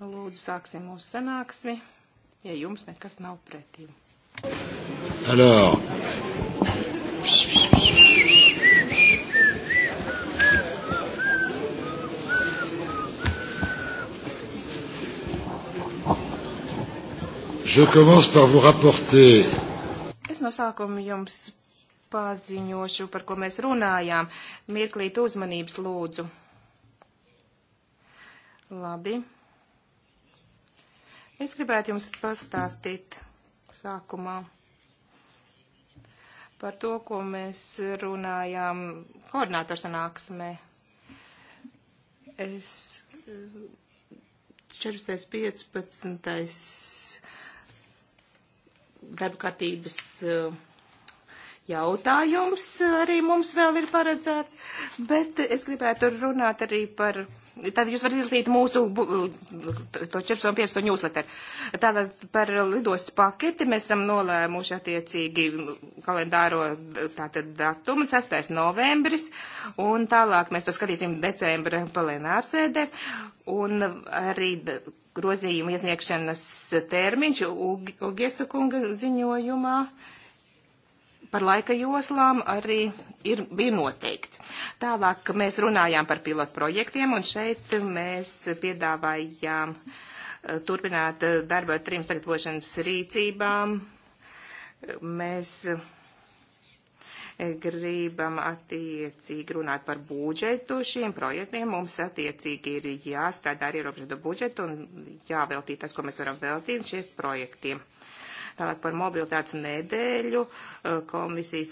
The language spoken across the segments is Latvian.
Lūdzu, sāksim mūsu sanāksmi, ja jums nekas nav pretī. Alors. Je commence par vous rapporter. Es no sākuma jums paziņošu, par ko mēs runājām. Mirklīt uzmanības lūdzu. Labi. Es gribētu jums pastāstīt sākumā par to, ko mēs runājām koordinātorsanāksmē. Es 14. 15. darba kārtības eh, jautājums arī mums vēl ir paredzēts, bet es gribētu runāt arī par Tātad jūs varat izlasīt mūsu to 14.15 newsletter. Tātad par lidostas paketi mēs esam nolēmuši attiecīgi kalendāro tātad datumu 6. novembris, un tālāk mēs to skatīsim decembra plenārsēdē, un arī grozījuma iesniegšanas termiņš Ugiesa kunga ziņojumā. Uh, par laika joslām arī ir, bija noteikts. Tālāk mēs runājām par pilotu projektiem, un šeit mēs piedāvājām eh, turpināt eh, darbu ar trim sagatavošanas rīcībām. Mēs eh, gribam attiecīgi runāt par budžetu šiem projektiem. Mums attiecīgi ir jāstrādā ar ierobežotu budžetu un jāveltīt tas, ko mēs varam veltīt šiem projektiem. Tālāk par mobilitātes nedēļu eh, komisijas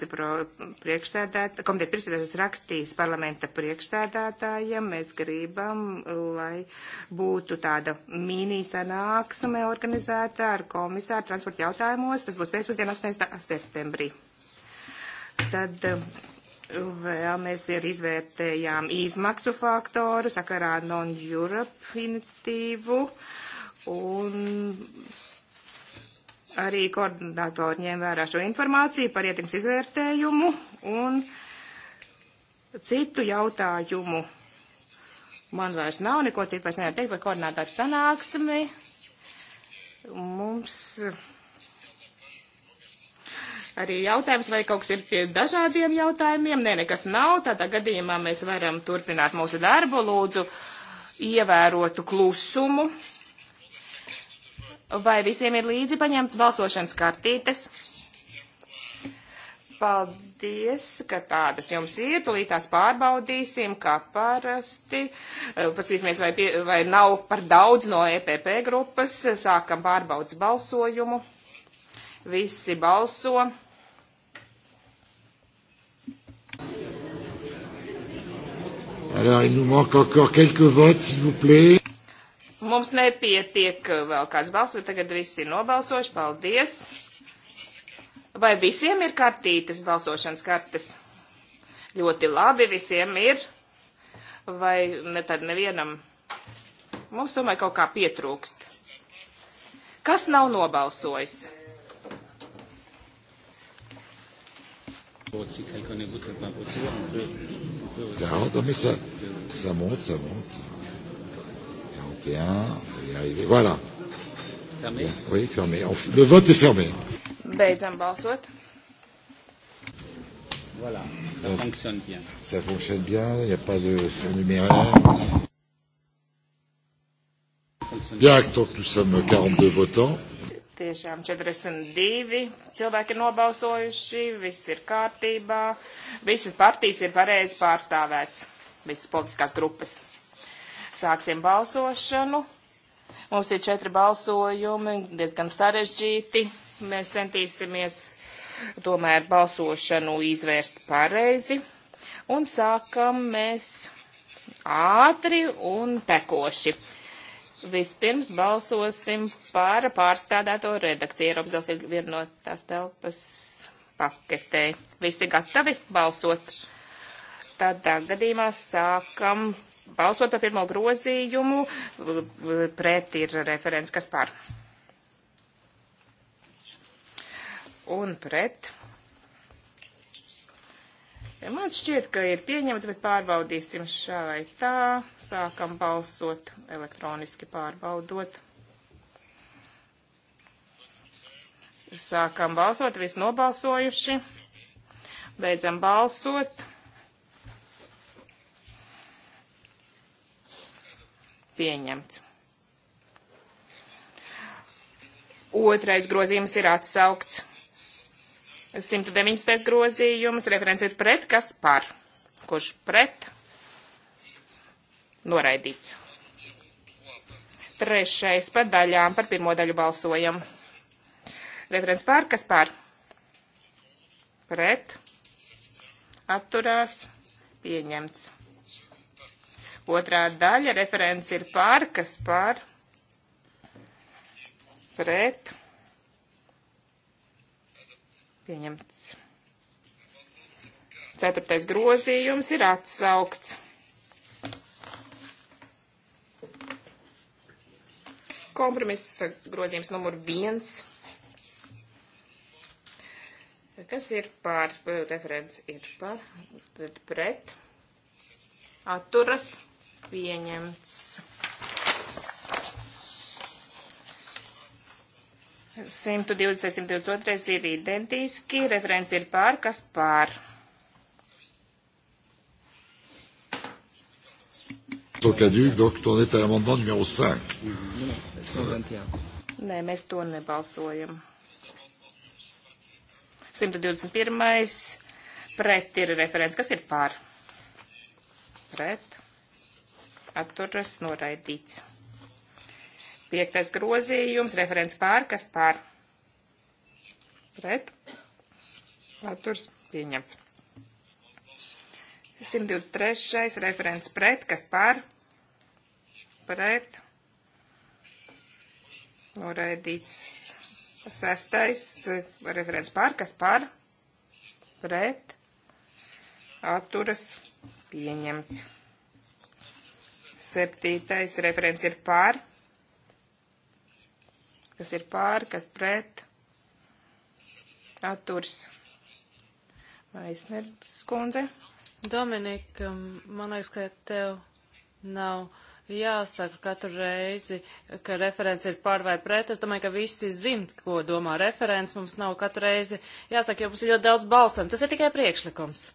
priekšstādātājs, komitejas priekšstādātājs rakstīs parlamenta priekšstādātājiem. Mēs gribam, lai būtu tāda mīnī sanāksme organizēta ar komisāru transporta jautājumos. Tas būs pēcpusdienā 8. septembrī. Tad eh, vēl mēs ir izvērtējām izmaksu faktoru sakarā Non-Europe iniciatīvu. Un Arī koordinātori ņēma vērā šo informāciju par ietekmes izvērtējumu un citu jautājumu. Man vairs nav neko citu vairs nevar teikt par koordinātāru sanāksmi. Mums arī jautājums, vai kaut kas ir pie dažādiem jautājumiem. Nē, nekas nav. Tādā gadījumā mēs varam turpināt mūsu darbu. Lūdzu, ievērotu klusumu. Vai visiem ir līdzi paņemts balsošanas kartītes? Paldies, ka tādas jums ir. Tūlīt tās pārbaudīsim, kā parasti. Eh, paskatīsimies, vai, pie, vai nav par daudz no EPP grupas. Sākam pārbaudas balsojumu. Visi balso. Alors, il nous manque encore quelques votes, s'il vous plaît. Mums nepietiek eh, vēl kāds balss, bet tagad visi ir nobalsojuši. Paldies! Vai visiem ir kartītes, balsošanas kartes? Ļoti labi, visiem ir. Vai ne tad nevienam? Mums, domāju, kaut kā pietrūkst. Kas nav nobalsojis? Regarde, mais ça, ça monte, ça monte. 21. On va y arriver. Voilà. Fermé. Bien, oui, fermé. On, le vote est fermé. Beidzam balsot. Voilà, ça Donc, fonctionne bien. Ça fonctionne bien, il n'y a pas de surnuméraire. Bien, donc nous sommes 42 votants. Tiešām 42 cilvēki ir nobalsojuši, viss ir kārtībā, visas partijas ir pareizi pārstāvēts, visas politiskās grupas. Sāksim balsošanu. Mums ir četri balsojumi, diezgan sarežģīti. Mēs centīsimies tomēr balsošanu izvērst pareizi. Un sākam mēs ātri un tekoši. Vispirms balsosim par pārstrādāto redakciju. Eiropzels ir viena no tās telpas paketē. Visi gatavi balsot? Tādā gadījumā sākam balsot par pirmo grozījumu. Pret ir referents, kas par. Un pret. Man šķiet, ka ir pieņemts, bet pārbaudīsim šā vai tā. Sākam balsot elektroniski pārbaudot. Sākam balsot, visi nobalsojuši. Beidzam balsot. pieņemts. Otrais grozījums ir atsaukts. 119. grozījums, referents ir pret, kas par, kurš pret, noraidīts. Trešais par daļām, par pirmo daļu balsojam. Referents par, kas par, pret, atturās, pieņemts. Otrā daļa referents ir pār, kas pār, pret, pieņemts. Ceturtais grozījums ir atsaukts. Kompromiss grozījums numur viens. Kas ir pār, referents ir pār, tad pret, atturas pieņemts. Simtu divdesmit, simtu divdesmit otrais ir identiski, referents ir pār, kas pār. Caduc, donc on est à l'amendement numéro 5. Nē, mēs to nebalsojam. 121. Pret ir referents. Kas ir pār? Pret atturas noraidīts. Piektais grozījums, referents pār, kas pār. Pret. Atturs pieņemts. 123. referents pret, kas pār. Pret. Noraidīts. Sestais referents pār, kas pār. Pret. Atturas pieņemts. Septītais referents ir pār. Kas ir pār, kas pret? Atturs. Maisners kundze. Dominika, man liekas, ka tev nav jāsaka katru reizi, ka referents ir pār vai pret. Es domāju, ka visi zin, ko domā referents. Mums nav katru reizi jāsaka, jo mums ir ļoti daudz balsojumu. Tas ir tikai priekšlikums.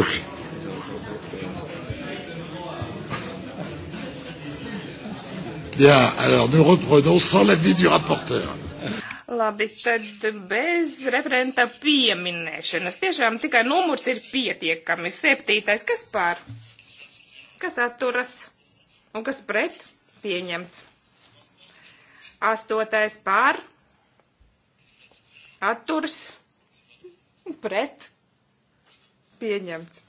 Okay. Bien, alors nous reprenons sans l'avis du rapporteur. Labi, tad bez referenta pieminēšanas. Tiešām tikai numurs ir pietiekami. Septītais, kas pār? Kas atturas? Un kas pret? Pieņemts. Astotais pār? Atturs? Pret? Pieņemts.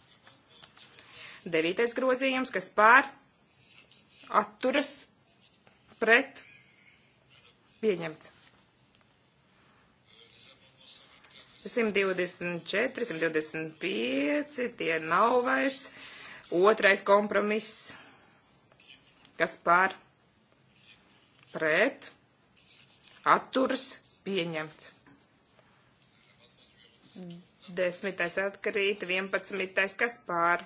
Devītais grozījums, kas pār? Atturas? pret pieņemts. 124, 125, tie nav vairs. Otrais kompromiss, kas pār pret atturs pieņemts. Desmitais atkarīt, vienpadsmitais, kas pār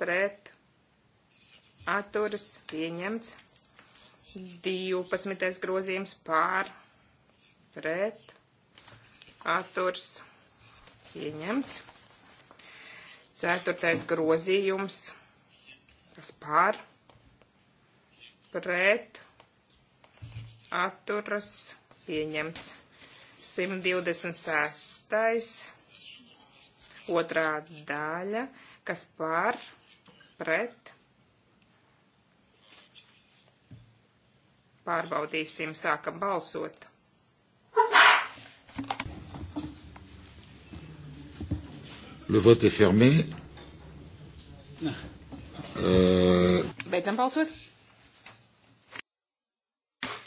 pret atturs pieņemts. 12. grozījums pār pret atturs pieņemts. 4. grozījums kas pār pret atturs pieņemts. 126. otrā daļa kas pār pret Pārbaudīsim, sākam balsot. Le vote est fermé. Euh... Beidzam balsot.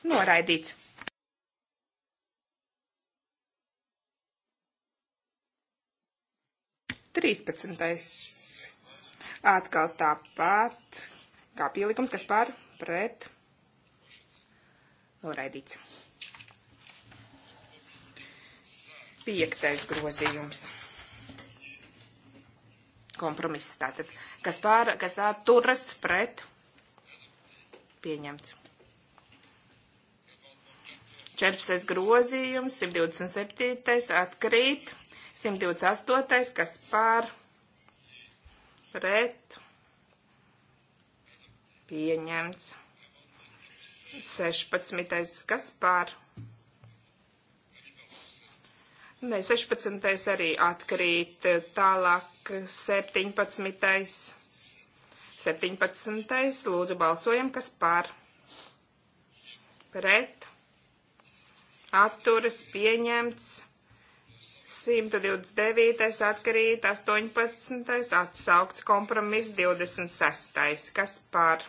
Noraidīts. Trīspadsmitais. Atkal tāpat kā pielikums, kas pār pret Noraidīts. Piektais grozījums. Kompromiss tātad. Kas pār, kas atturas pret? Pieņemts. 14. grozījums, 127. atkrīt, 128. kas pār, pret, pieņemts. 16. kas pār? Nē, 16. arī atkrīt. Tālāk 17. 17. Lūdzu, balsojam, kas pār? Pret. Atturas pieņemts. 129. atkarīt, 18. atsaukts kompromiss 26. Kas par?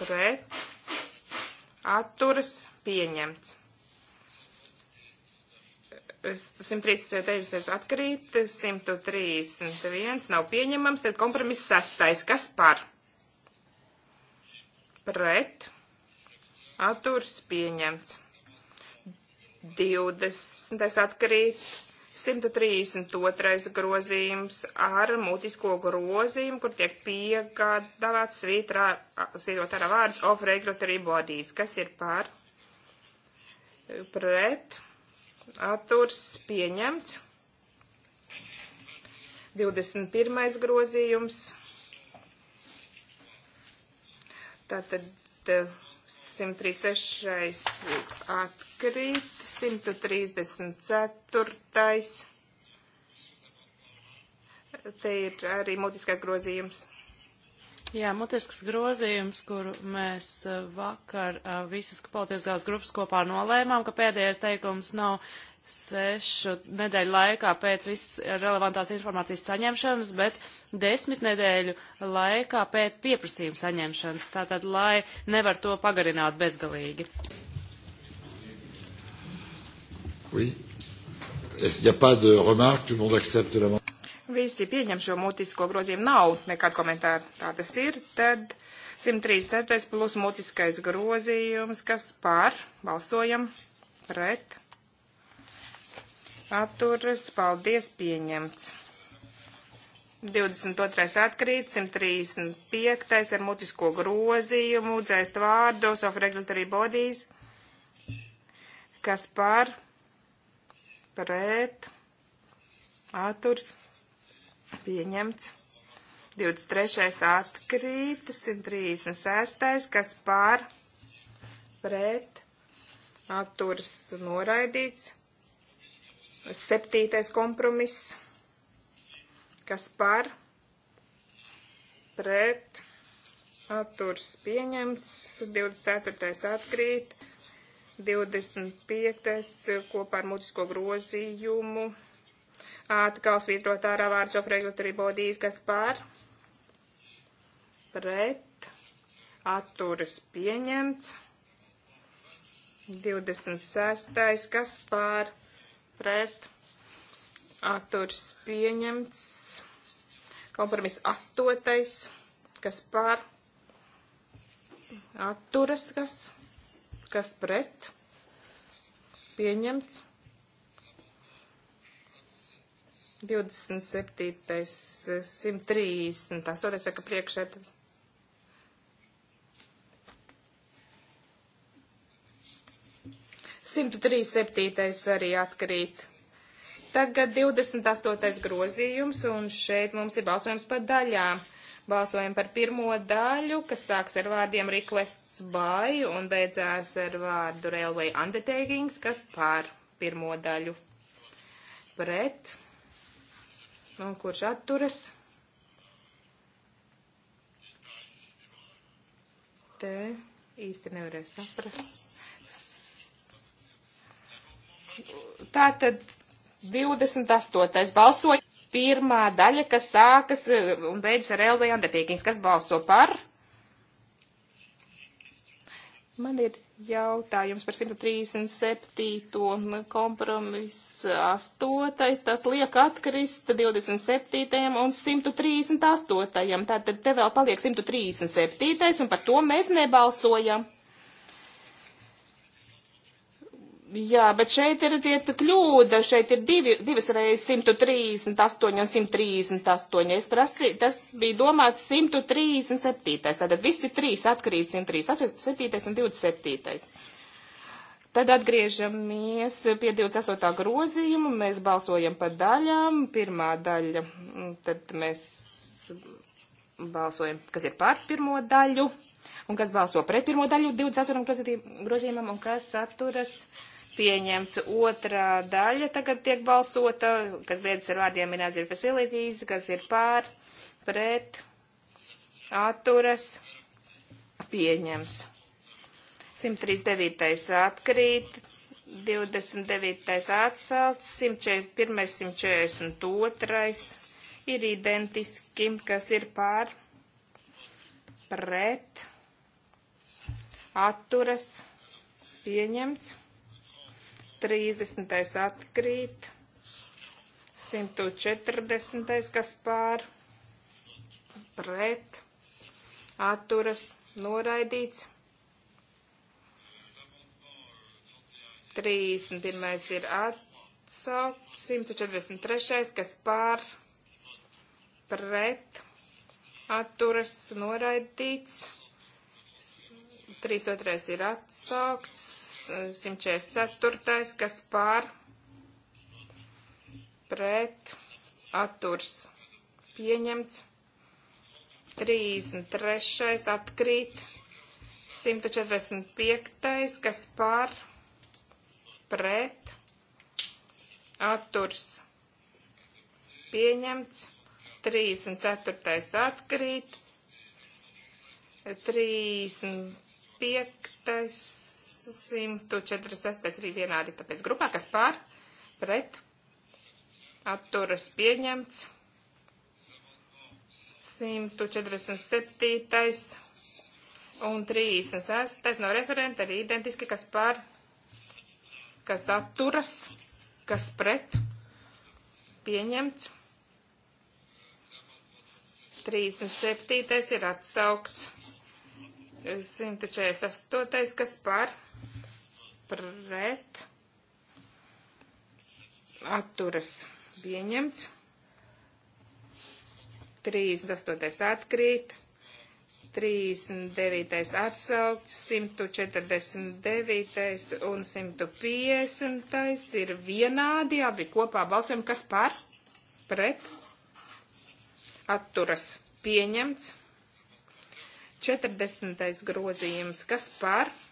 pret, atturas, pieņemts. 139 atkarīt, 131 nav pieņemams, tad kompromiss sastais. Kas par? Pret. Atturs pieņemts. 20 atkarīt, 132. grozījums ar mutisko grozījumu, kur tiek piegādāts svītrā, svītrotā vārds of regulatory bodies, kas ir par pret atturs pieņemts. 21. grozījums. Tātad eh, 136. atkrīt, 134. Te ir arī mutiskais grozījums. Jā, mutisks grozījums, kuru mēs eh, vakar eh, visas politiskās grupas kopā nolēmām, ka pēdējais teikums nav sešu nedēļu laikā pēc visas relevantās informācijas saņemšanas, bet desmit nedēļu laikā pēc pieprasījuma saņemšanas. Tātad, lai nevar to pagarināt bezgalīgi. Oui. Es, ja pas de eh, remarque, tout le monde accepte la Visi pieņem šo mutisko grozījumu. Nav nekāda komentāra. Tā tas ir. Tad 137 plus mutiskais grozījums, kas pār balsojam pret atturas, paldies, pieņemts. 22. atkrīt, 135. ar mutisko grozījumu, dzēst vārdos of regulatory bodies, kas par, pret, atturs, pieņemts. 23. atkrīt, 136. kas par, pret, atturs, noraidīts. Septītais kompromiss, kas par pret atturs pieņemts, 24. atkrīt, 25. kopā ar mutisko grozījumu. Atkal svītrot ārā vārds of regulatory bodies, kas par pret atturas pieņemts. 26. kas par pret atturs pieņemts. Kompromiss astotais, kas par atturas, kas, kas pret pieņemts. 27. 130. Astotrais saka priekšē. Tad. 137. arī atkrīt. Tagad 28. grozījums, un šeit mums ir balsojums par daļām. Balsojam par pirmo daļu, kas sāks ar vārdiem requests by un beidzās ar vārdu railway undertakings, kas pār pirmo daļu pret. Un kurš atturas? Te īsti nevarēs saprast. Tātad 28. balsoja pirmā daļa, kas sākas e, un beidzas ar LV Andetīkins, kas balso par. Man ir jautājums par 137. kompromisu 8. Tas liek atkrist 27. un 138. Tātad te vēl paliek 137. un par to mēs nebalsojam. Jā, bet šeit ir, redziet, kļūda. Šeit ir divi, divas reizes 138 un 138. Es prasīju, tas bija domāts 137. Tātad visi trīs atkrīt 138, 7 un 27. Tad atgriežamies pie 28. grozījuma. Mēs balsojam pa daļām. Pirmā daļa, mm, tad mēs balsojam, kas ir par pirmo daļu, un kas balso pret pirmo daļu 28. grozījumam, un kas atturas. Uh, pieņemts otrā daļa, tagad tiek balsota, kas beidzas ar vārdiem minēzir facilitīs, kas ir pār, pret, atturas, pieņems. 139. atkrīt, 29. atcelts, 141. 142. ir identiski, kas ir pār, pret, atturas, pieņemts. 30. atkrīt, 140. kas pār, pret, atturas, noraidīts. 31. ir atsaukt, 143. kas pār, pret, atturas, noraidīts. 32. ir atsaukts, 144. kas pār pret atturs pieņemts. 33. atkrīt. 145. kas pār pret atturs pieņemts. 34. atkrīt. 35. 146 arī vienādi, tāpēc grupā, kas pār, pret, atturas pieņemts. 147. un 36. no referenta arī identiski, kas pār, kas atturas, kas pret, pieņemts. 37. ir atsaukts. 148. kas par pret atturas pieņemts. 38. atkrīt, 39. atsaukts, 149. un 150. ir vienādi, abi kopā balsojam, kas par, pret, atturas pieņemts. 40. grozījums, kas par, pret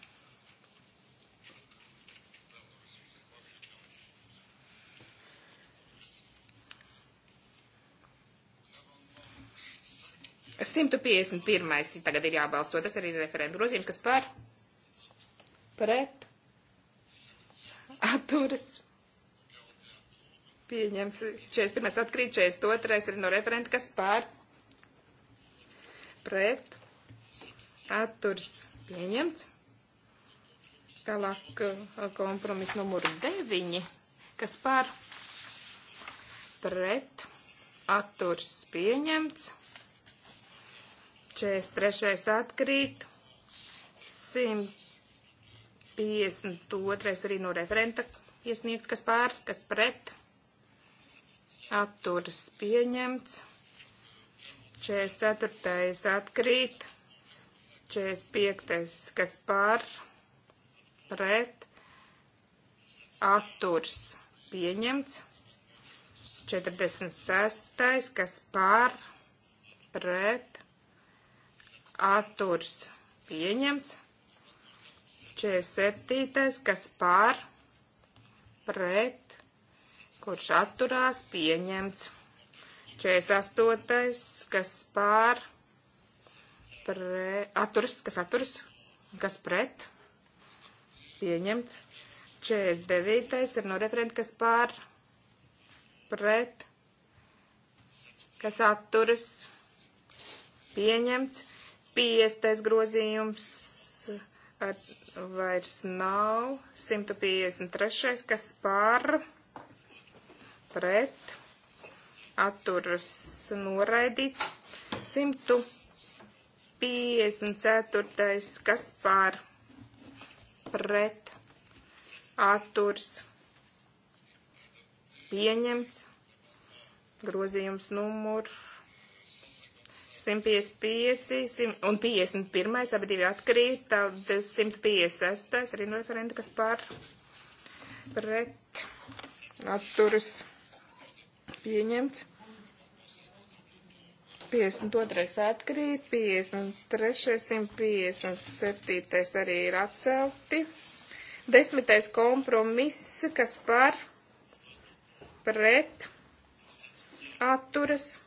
151. tagad ir jābalso. Tas arī ir referenta grozījums, kas par pret atturas pieņemts. 41. atkrīt, 42. ir no referenta, kas par pret atturas pieņemts. Tālāk uh, kompromis numur 9, kas par pret atturs pieņemts. 43. atkrīt, 152. arī no referenta iesniegts, kas pār, kas pret, atturas pieņemts, 44. atkrīt, 45. kas pār, pret, atturas pieņemts, 46. kas pār, pret, atturs pieņemts. 47. kas pār, pret, kurš atturās pieņemts. 48. kas pār, pre, atturs, kas atturs, kas pret, pieņemts. 49. ir no referenta, kas pār, pret, kas atturas, pieņemts. 150. grozījums ar, vairs nav. 153. kas par pret atturas noraidīts. 154. kas par pret atturs pieņemts. Grozījums numurs 155 un 51, abi divi atkrīt, tad 156 arī no referenta, kas pār pret atturas pieņemts. 52. atkrīt, 53. 157. arī ir atcelti. Desmitais kompromiss, kas par pret atturas pieņemts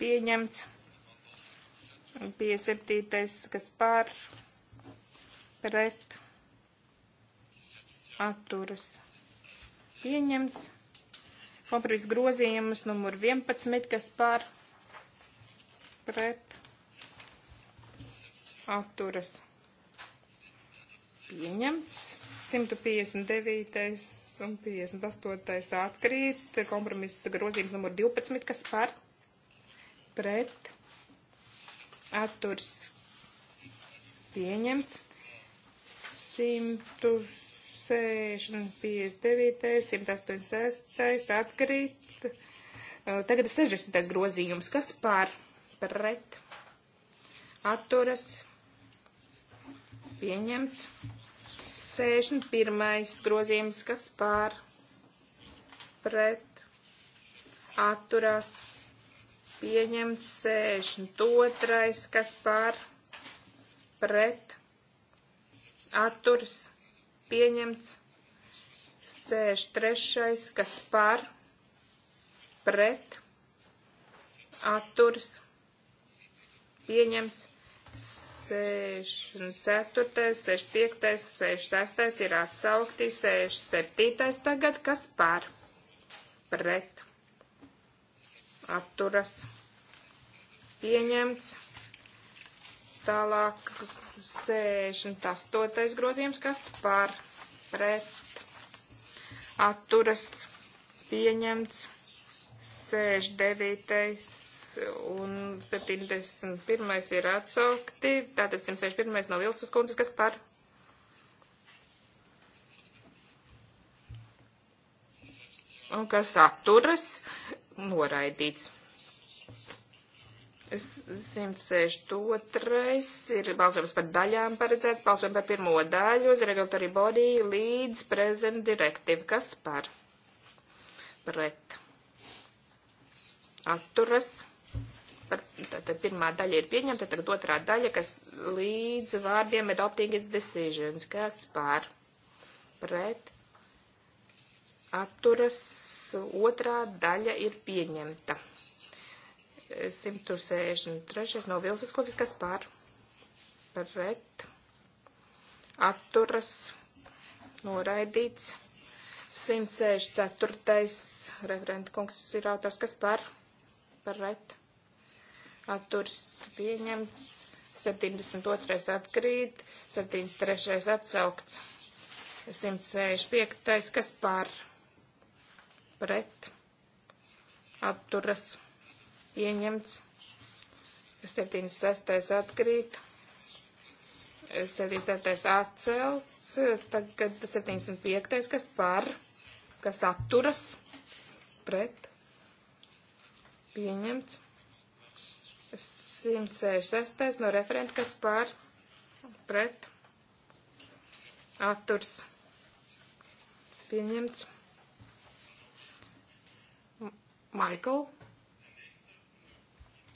pieņemts. 57. kas pār pret atturas pieņemts. Kompromiss grozījumus numur 11, kas pār pret atturas pieņemts. 159. un 58. atkrīt. Kompromiss grozījums numur 12, kas pār pret pret atturs pieņemts 159, 186 atkrīt. Tagad ir 60. grozījums, kas pār pret atturas pieņemts. 61. grozījums, kas pār pret atturas pieņemts pieņemts 62. kas pār pret atturs pieņemts 63. kas pār pret atturs pieņemts 64. 65. 66. ir atsaukti 67. tagad kas pār pret atturas pieņemts. Tālāk 68. grozījums, kas par pret atturas pieņemts. 69. un 71. ir atsaukti. Tātad 161. no Vilsas kundzes, kas par un kas atturas noraidīts. 162. ir balsojums par daļām paredzēts, balsojums par pirmo daļu uz regulatory body līdz present directive. Kas par? Pret. Atturas. Par, tātad pirmā daļa ir pieņemta, tagad otrā daļa, kas līdz vārdiem adopting its decisions. Kas par? Pret. Atturas otrā daļa ir pieņemta. 163. no Vilsas kundzes, kas par pret atturas noraidīts. 164. referenta kungs ir autors, kas par pret atturas pieņemts. 72. atkrīt, 73. atsaukts, 165. kas par pret pret atturas pieņemts. 76. atkrīt. 77. atcelts. Tagad 75. kas par, kas atturas pret pieņemts. 166. no referenta, kas par pret atturs pieņemts. Michael.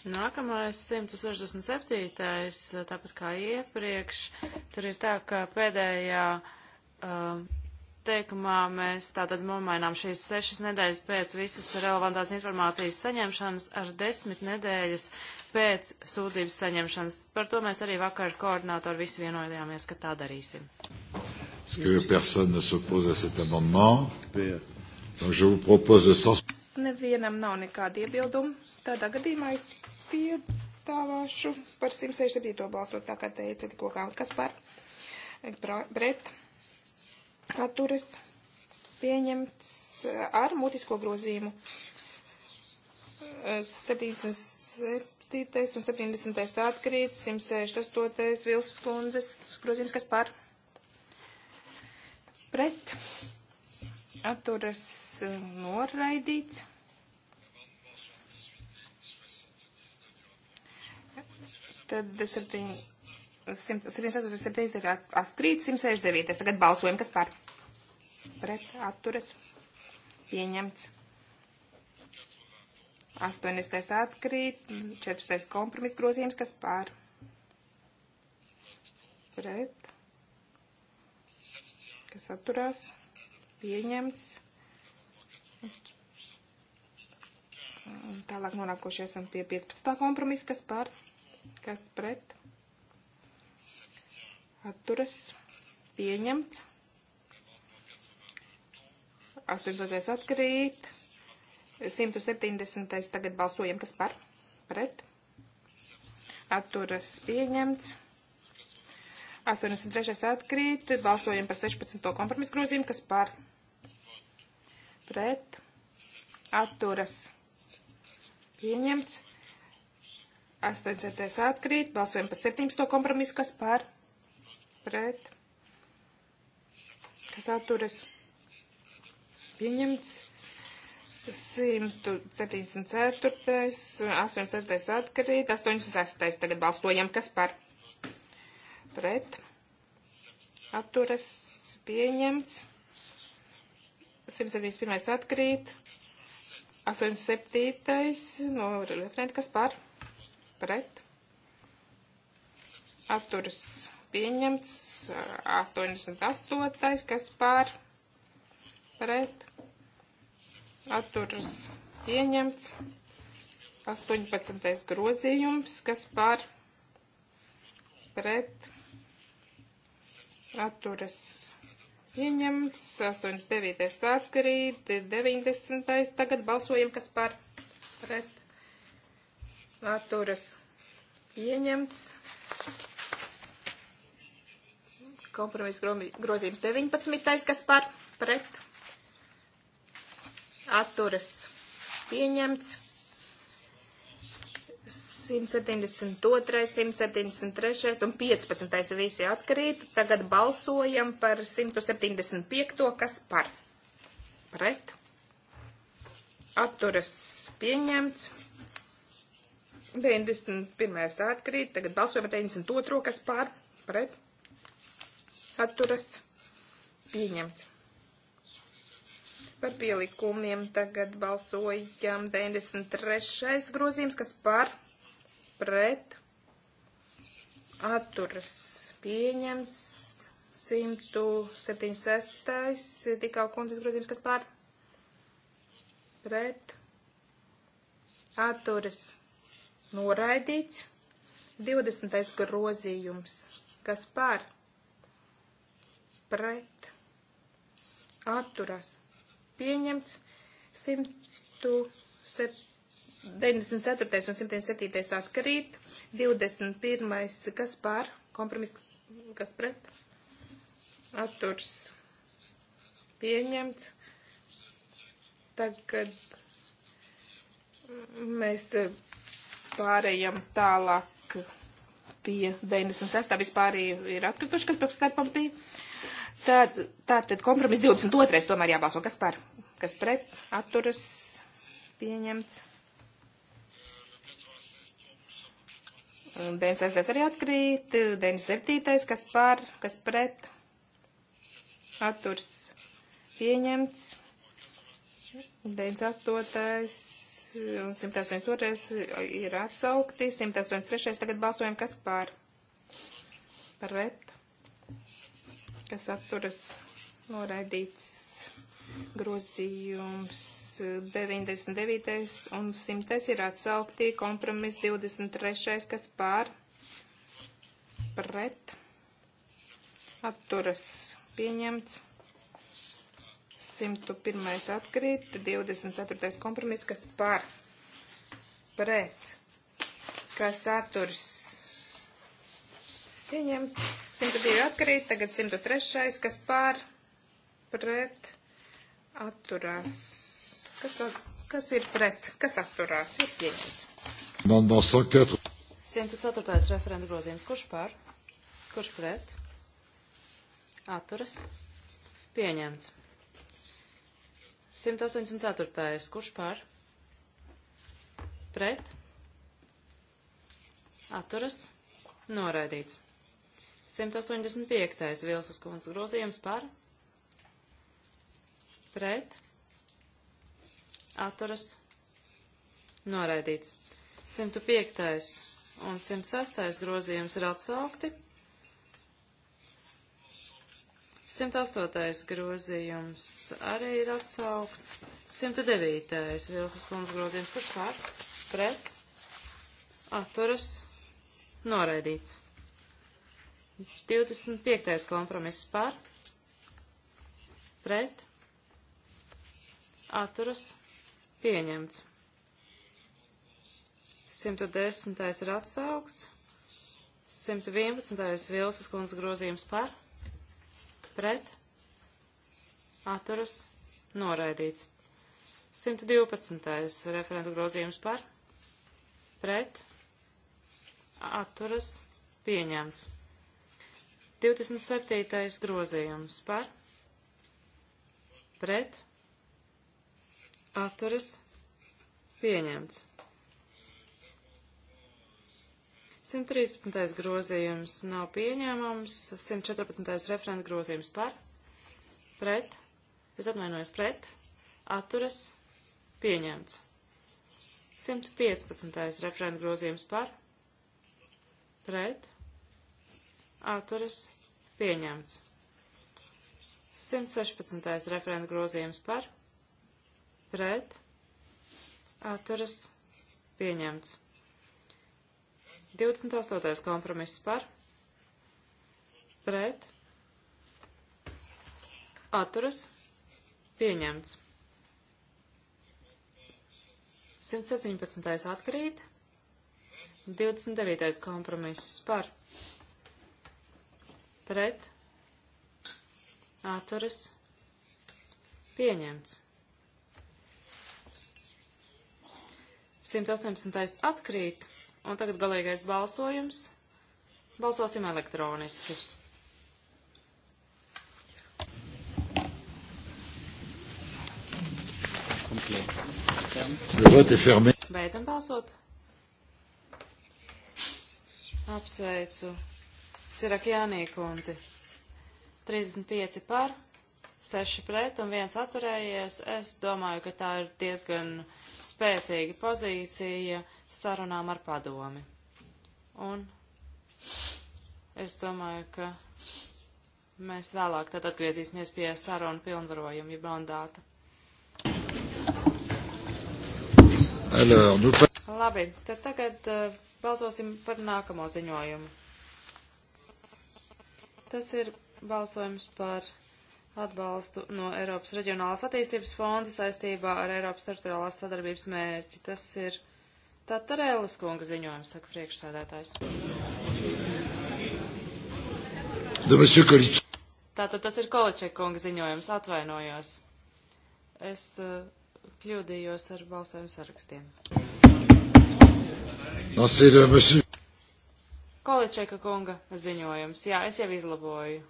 Nākamais 167. tāpat kā iepriekš, tur ir tā, ka pēdējā uh, teikumā mēs tātad nomainām šīs sešas nedēļas pēc visas relevantās informācijas saņemšanas ar desmit nedēļas pēc sūdzības saņemšanas. Par to mēs arī vakar koordinātori visi vienojāmies, ka tā darīsim. Est-ce que personne ne s'oppose à cet amendement Donc je vous propose le 100. Nevienam nav nekāda iebilduma. Tādā gadījumā es piedāvāšu par 167. balsot, tā kā teica tikko kā. Kas par? Pret. Atturas. Pieņemts eh, ar mutisko grozījumu. 77. un 70. atkrīt, 168. Vilsas kundzes grozījums, kas par? Pret. Atturas noraidīts. Tad 178 ir atkrīt, 169. Tagad balsojam, kas par pret atturas pieņemts. 80. atkrīt, 14. kompromis grozījums, kas par pret, kas atturās pieņemts. Tālāk nonākoši esam pie 15. kompromisa, kas par, kas pret, atturas, pieņemts. 18. atkrīt, 170. tagad balsojam, kas par, pret, atturas, pieņemts. 83. atkrīt, balsojam par 16. kompromisu grozījumu, kas par, pret pret, atturas, pieņemts. 80. atkrīt, balsojam par 17. kompromisu, kas par, pret, kas atturas, pieņemts. 174. 87. atkrīt, 86. tagad balsojam, kas par, pret, atturas, pieņemts. 171. atkrīt. 87. no referenta, kas par? Pret. Atturas pieņemts. 88. kas par? Pret. Atturas pieņemts. 18. grozījums, kas par? Pret. Atturas pieņemts, 89. atkrīt, 90. tagad balsojam, kas par pret atturas pieņemts. Kompromiss grozījums 19. kas par pret atturas pieņemts. 172, 173 un 15 visi atkrīt. Tagad balsojam par 175, kas par pret. Atturas pieņemts. 91. atkrīt, tagad balsojam par 92. kas pār pret. Atturas pieņemts par pielikumiem. Tagad balsojam 93. grozījums, kas par pret atturas pieņemts 176. tikā kundzes grozījums, kas pār pret atturas noraidīts 20. grozījums, kas pār pret atturas pieņemts 176. 94. un 107. atkarīt, 21. kas pār, kompromis, kas pret, atturs pieņemts. Tagad mēs eh, pārējām tālāk pie 96. vispārīgi ir atkrituši, kas pēc starpam bija. Tad, tātad kompromis 22. tomēr jābalso, kas par, kas pret, atturas pieņemts. 96. arī atkrīt, 97. kas par, kas pret, atturs pieņemts, 98. un 182. ir atsaukti, 183. tagad balsojam, kas par, par pret, kas atturas noraidīts grozījums. 99. un 100. ir atsaukti kompromis 23. kas pār pret atturas pieņemts. 101. atkrīt, 24. kompromis, kas par pret, kas atturs pieņemts. 102 atkrīt, tagad 103. kas par pret atturās Kas, kas ir pret? Kas atturās? Ir pieņemts. Man nav 104. 104. referenta grozījums. Kurš par? Kurš pret? Atturas. Pieņemts. 184. Kurš par? Pret? Atturas. Noraidīts. 185. Vilsas kundzes grozījums par? Pret? atturas noraidīts. 105. un 106. grozījums ir atsaukti. 108. grozījums arī ir atsaukts. 109. Vilsas kundzes grozījums, kurš pār, pret, atturas, noraidīts. 25. kompromiss par, pret, atturas, Pieņemts. 110. ir atsaukts. 111. Vilsas kundzes grozījums par, pret, atturas, noraidīts. 112. referentu grozījums par, pret, atturas, pieņemts. 27. grozījums par, pret, atturas pieņemts. 113. grozījums nav pieņēmams, 114. referenta grozījums par, pret, es atvainojos pret, atturas, pieņemts. 115. referenta grozījums par, pret, atturas, pieņemts. 116. referenta grozījums par, pret, pret, atturas, pieņemts. 28. kompromiss par, pret, atturas, pieņemts. 117. atkrīt, 29. kompromiss par, pret, atturas, pieņemts. 118. atkrīt, un tagad galīgais balsojums. Balsosim elektroniski. Beidzam balsot. Apsveicu Sirakjānī kundzi. 35 par, seši pret un viens atturējies. Es domāju, ka tā ir diezgan spēcīga pozīcija sarunām ar padomi. Un es domāju, ka mēs vēlāk tad atgriezīsimies pie sarunu pilnvarojuma, ja bandāta. Alors, nous... Labi, tad tagad uh, balsosim par nākamo ziņojumu. Tas ir balsojums par atbalstu no Eiropas reģionālās attīstības fonda saistībā ar Eiropas starptautiskās sadarbības mērķi. Tas ir Tatarēlis kunga ziņojums, saka priekšsēdētājs. Tātad tas ir Količek kunga ziņojums, atvainojos. Es uh, kļūdījos ar balsojumu sarakstiem. Količeka kunga ziņojums, jā, es jau izlaboju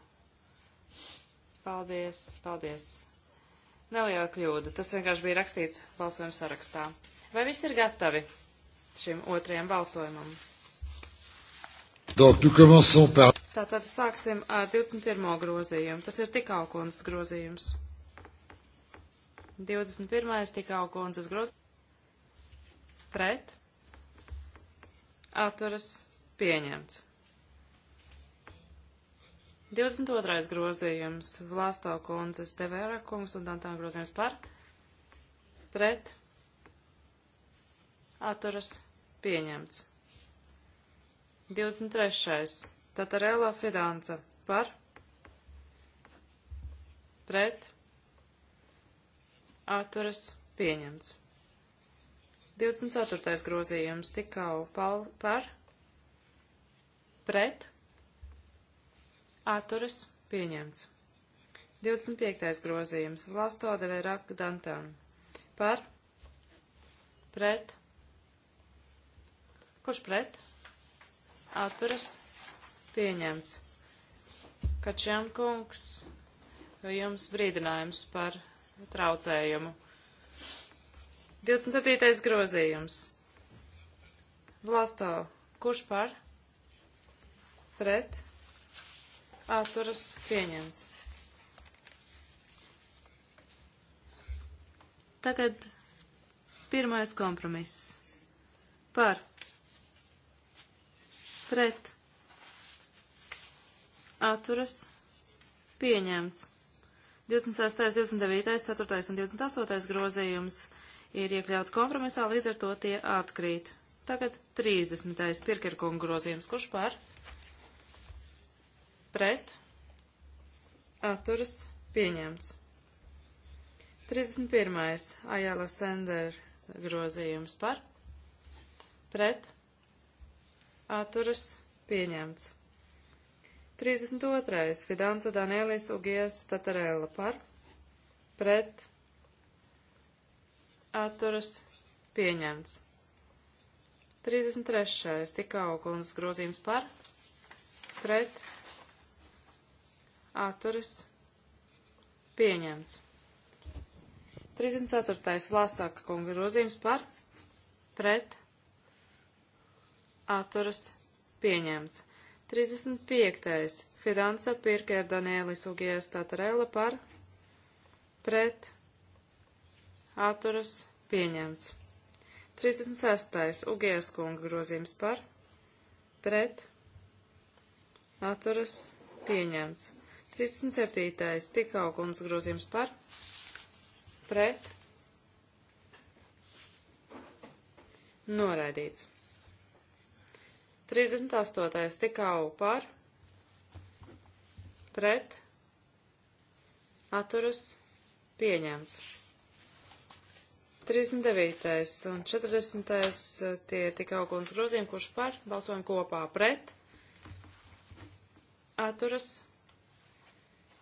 Paldies, paldies. Neliela kļūda. Tas vienkārši bija rakstīts balsojuma sarakstā. Vai viss ir gatavi šim otrajam balsojumam? Donc, par... Tātad sāksim ar 21. grozījumu. Tas ir tik augundas grozījums. 21. tik augundas grozījums. Pret. Atveras pieņemts. 22. grozījums Vlasto kundzes Devera kungs un Dantāna grozījums par pret atturas pieņemts. 23. Tatarela Fidanca par pret atturas pieņemts. 24. grozījums tikau pal, par pret atturas pieņemts. 25. grozījums. Vlasto devē rak Dantan. Par, pret, kurš pret, atturas pieņemts. Kačjankungs, jums brīdinājums par traucējumu. 27. grozījums. Vlasto, kurš par, pret, atturas pieņemts. Tagad pirmais kompromiss. Par. Pret. Atturas. Pieņemts. 26., 29., 4. un 28. grozījums ir iekļauti kompromisā, līdz ar to tie atkrīt. Tagad 30. pirkirkunga grozījums. Kurš par? pret, atturas, pieņemts. 31. Ajala Sender grozījums par, pret, atturas, pieņemts. 32. Fidansa Danielis Ugies Tatarella par, pret, atturas, pieņemts. 33. Tikā Okunas grozījums par, pret, atturas, pieņemts atturas pieņemts. 34. Vlasaka kunga grozījums par pret atturas pieņemts. 35. Fidansa Pirker Danielis Ugies Tatarela par pret atturas pieņemts. 36. Ugies kunga grozījums par pret atturas pieņemts. 37. tik augums grozījums par pret noraidīts. 38. tik augu par pret atturas pieņemts. 39. un 40. Eh, tie ir tik augums grozījumi, kurš par balsojumu kopā pret atturas pieņemts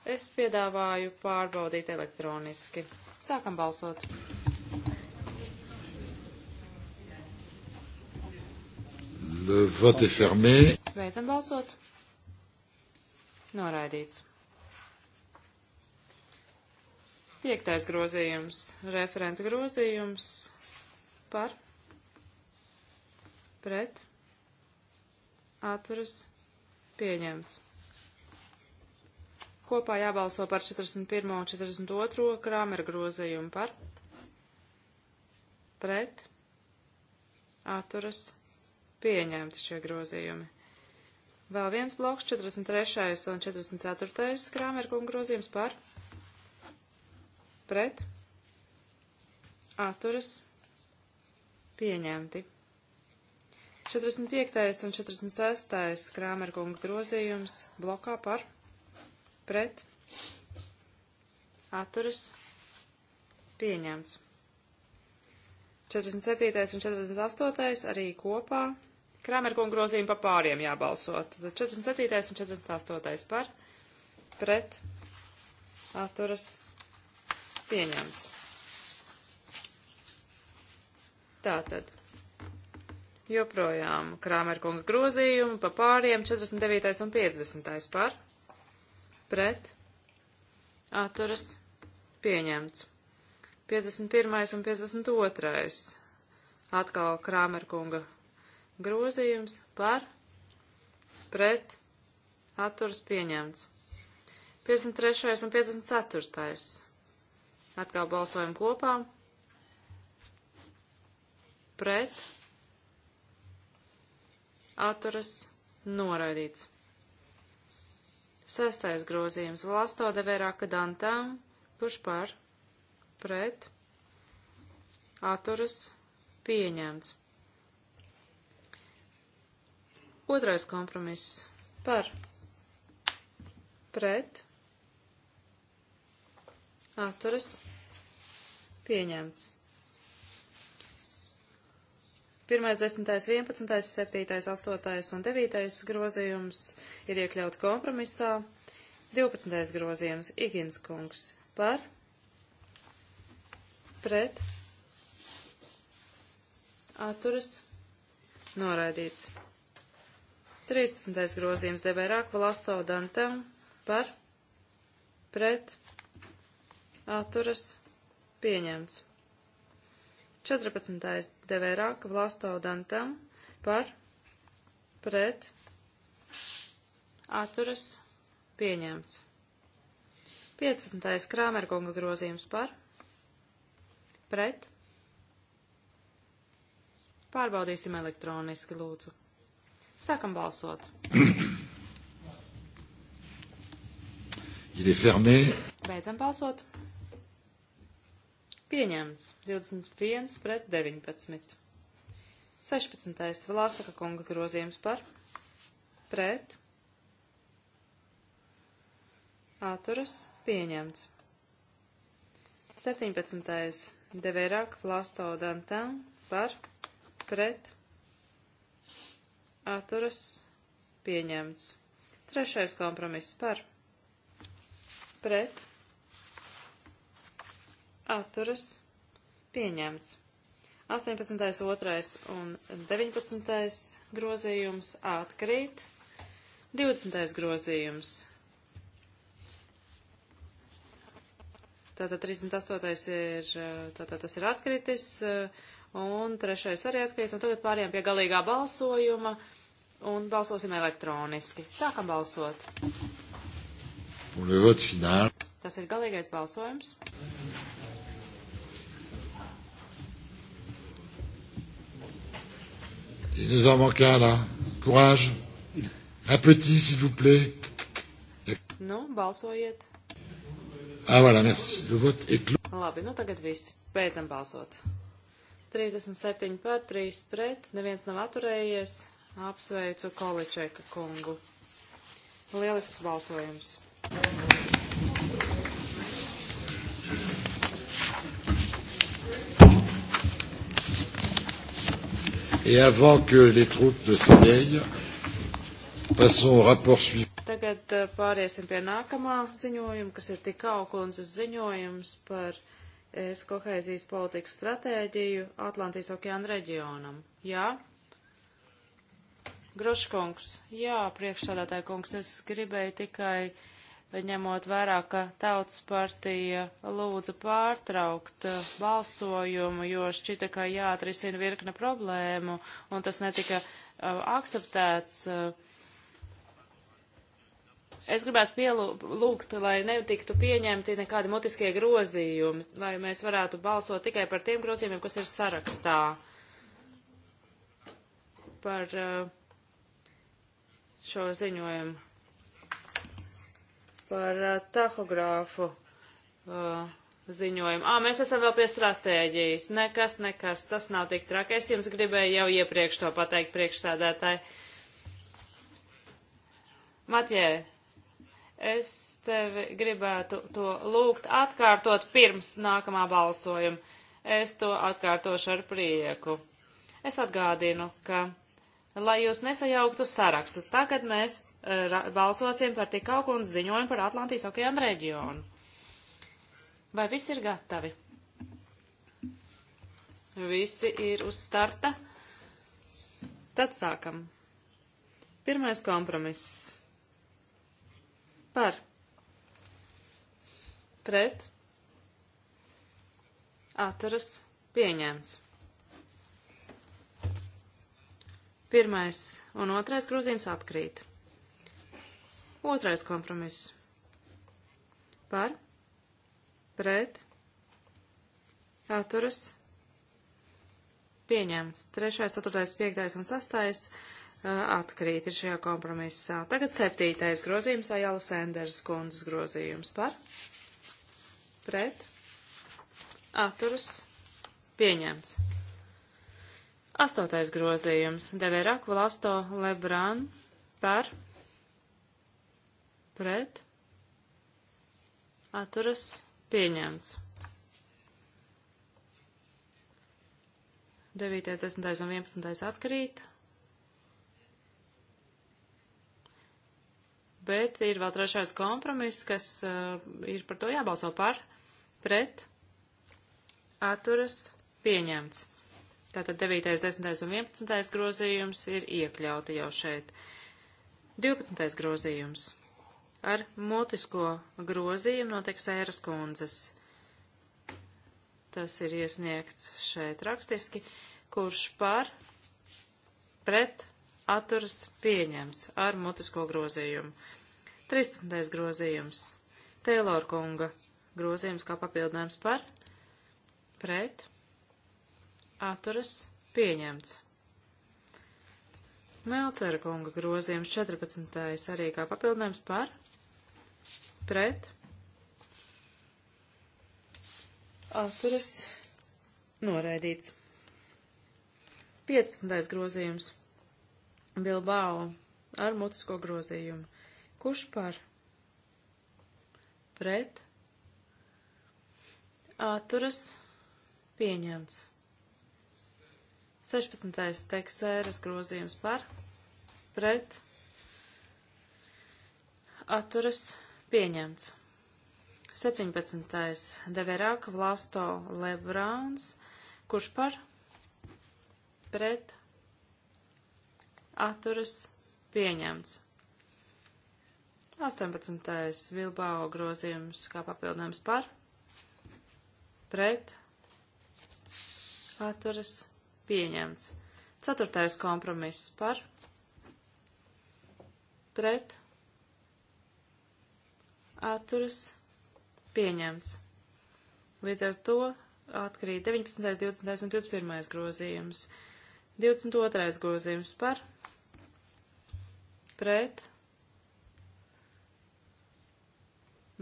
Es piedāvāju pārbaudīt elektroniski. Sākam balsot. Le vote est fermé. Beidzam balsot. Noraidīts. Piektais grozījums, referenta grozījums par, pret, atveras, pieņemts. Kopā jābalso par 41. un 42. krāmera grozījumu par pret atturas pieņemti šie grozījumi. Vēl viens bloks, 43. un 44. krāmerkunga grozījums par pret atturas pieņemti. 45. un 46. krāmerkunga grozījums blokā par pret pret, atturas, pieņemts. 47. un 48. arī kopā. Kramerkunga grozījumi pa pāriem jābalsot. 47. un 48. par, pret, atturas, pieņemts. Tātad joprojām Krāmerkunga grozījumi pa pāriem 49. un 50. par pret, atturas, pieņemts. 51. un 52. atkal Krāmerkunga grozījums par, pret, atturas, pieņemts. 53. un 54. atkal balsojam kopā, pret, atturas, noraidīts. Sestais grozījums Vlasto de Veraka Dantām, kurš par, pret, atturas, pieņemts. Otrais kompromiss par, pret, atturas, pieņemts. 1, 10, 11, 7, 8 un 9 grozījums ir iekļauti kompromisā. 12. grozījums Igins kungs par pret atturas noraidīts. 13. grozījums Deverāk Valasto Dantam par pret atturas pieņemts. 14. devērāk Vlasto Dantam par pret atturas pieņemts. 15. Krāmerkonga grozījums par pret. Pārbaudīsim elektroniski, lūdzu. Sākam balsot. Il est fermé. Beidzam balsot. Pieņemts 21 pret 19. 16. Valāsaka kunga grozījums par pret āturas pieņemts. 17. Devērāk Vlasto Dantam par pret āturas pieņemts. Trešais kompromiss par pret atturas pieņemts. 18. otrais un 19. grozījums atkrīt. 20. grozījums. Tātad 38. ir, tātad tas ir atkritis, un 3. arī atkrīt, un tagad pārējām pie galīgā balsojuma, un balsosim elektroniski. Sākam balsot. Un le vote final. Tas ir galīgais balsojums. Il nous en manque un là. Courage. Un petit, s'il vous plaît. Nu, balsojiet. Ah, voilà, merci. Le vote est clos. Labi, nu tagad visi. Beidzam balsot. 37 par, 3 pret, neviens nav atturējies. Apsveicu Količeka kungu. Lielisks balsojums. Et avant que les troupes ne s'éveillent, passons au rapport suivant. Tagad eh, pāriesim pie nākamā ziņojuma, kas ir tik augundzes ziņojums par eh, es kohēzijas politikas stratēģiju Atlantijas okeāna reģionam. Jā? Groškungs, jā, priekšsādātāja kungs, es gribēju tikai uh, ņemot vērā, ka Tautas partija lūdza pārtraukt uh, balsojumu, jo šķita, ka jāatrisina virkne problēmu, un tas netika uh, akceptēts. Uh. Es gribētu lūgt, lai netiktu pieņemti nekādi mutiskie grozījumi, lai mēs varētu balsot tikai par tiem grozījumiem, kas ir sarakstā. Par uh, šo ziņojumu par uh, tahogrāfu uh, ziņojumu. Ā, mēs esam vēl pie stratēģijas. Nekas, nekas, tas nav tik traki. Es jums gribēju jau iepriekš to pateikt priekšsādētāji. Matjē, es tevi gribētu to lūgt atkārtot pirms nākamā balsojuma. Es to atkārtošu ar prieku. Es atgādinu, ka, lai jūs nesajauktu sarakstus, tagad mēs balsosim par tikau kundzi ziņojumu par Atlantijas okeāna reģionu. Vai viss ir gatavi? Visi ir uz starta. Tad sākam. Pirmais kompromiss. Par. Pret. Atturas. Pieņēmts. Pirmais un otrais grozījums atkrīt. Otrais kompromiss. Par, pret, atturas, pieņemts. Trešais, ceturtais, piektais un sastais uh, atkrīt ir šajā kompromisā. Tagad septītais grozījums Ajala Sanders kundzes grozījums. Par, pret, atturas, pieņemts. Astotais grozījums Deverak Vlasto Lebran par, pret, pret, atturas pieņemts. 9., 10. un 11. atkrīt, bet ir vēl trešais kompromiss, kas uh, ir par to jābalso par, pret, atturas pieņemts. Tātad 9., 10. un 11. grozījums ir iekļauti jau šeit. 12. grozījums ar mutisko grozījumu no Teksēras kundzes. Tas ir iesniegts šeit rakstiski, kurš par pret atturas pieņemts ar mutisko grozījumu. 13. grozījums. Teilor kunga grozījums kā papildinājums par pret atturas pieņemts. Melcera kunga grozījums 14. arī kā papildinājums par pret pret, atturas, noraidīts. 15. grozījums Bilbao ar mutisko grozījumu. Kurš par? Pret, atturas, pieņemts. 16. teksēras grozījums par, pret, atturas, pieņemts Pieņemts. 17. Deverāka Vlasto Lebrāns, kurš par pret atturas pieņemts. 18. Vilbao grozījums kā papildinājums par pret atturas pieņemts. 4. kompromiss par pret atturas pieņemts atturas pieņemts. Līdz ar to atkrīt 19., 20. un 21. grozījums. 22. grozījums par pret.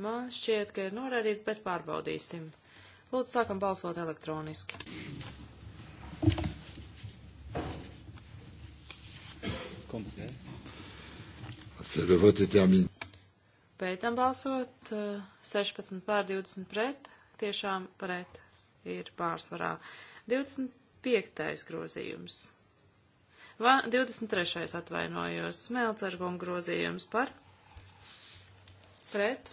Man šķiet, ka ir norādīts, bet pārbaudīsim. Lūdzu, sākam balsot elektroniski. Le vote est terminé. Beidzam balsot. 16 eh, pār 20 pret. Tiešām pret ir pārsvarā. 25. grozījums. Va, 23. atvainojos. Smelcerguma grozījums par pret.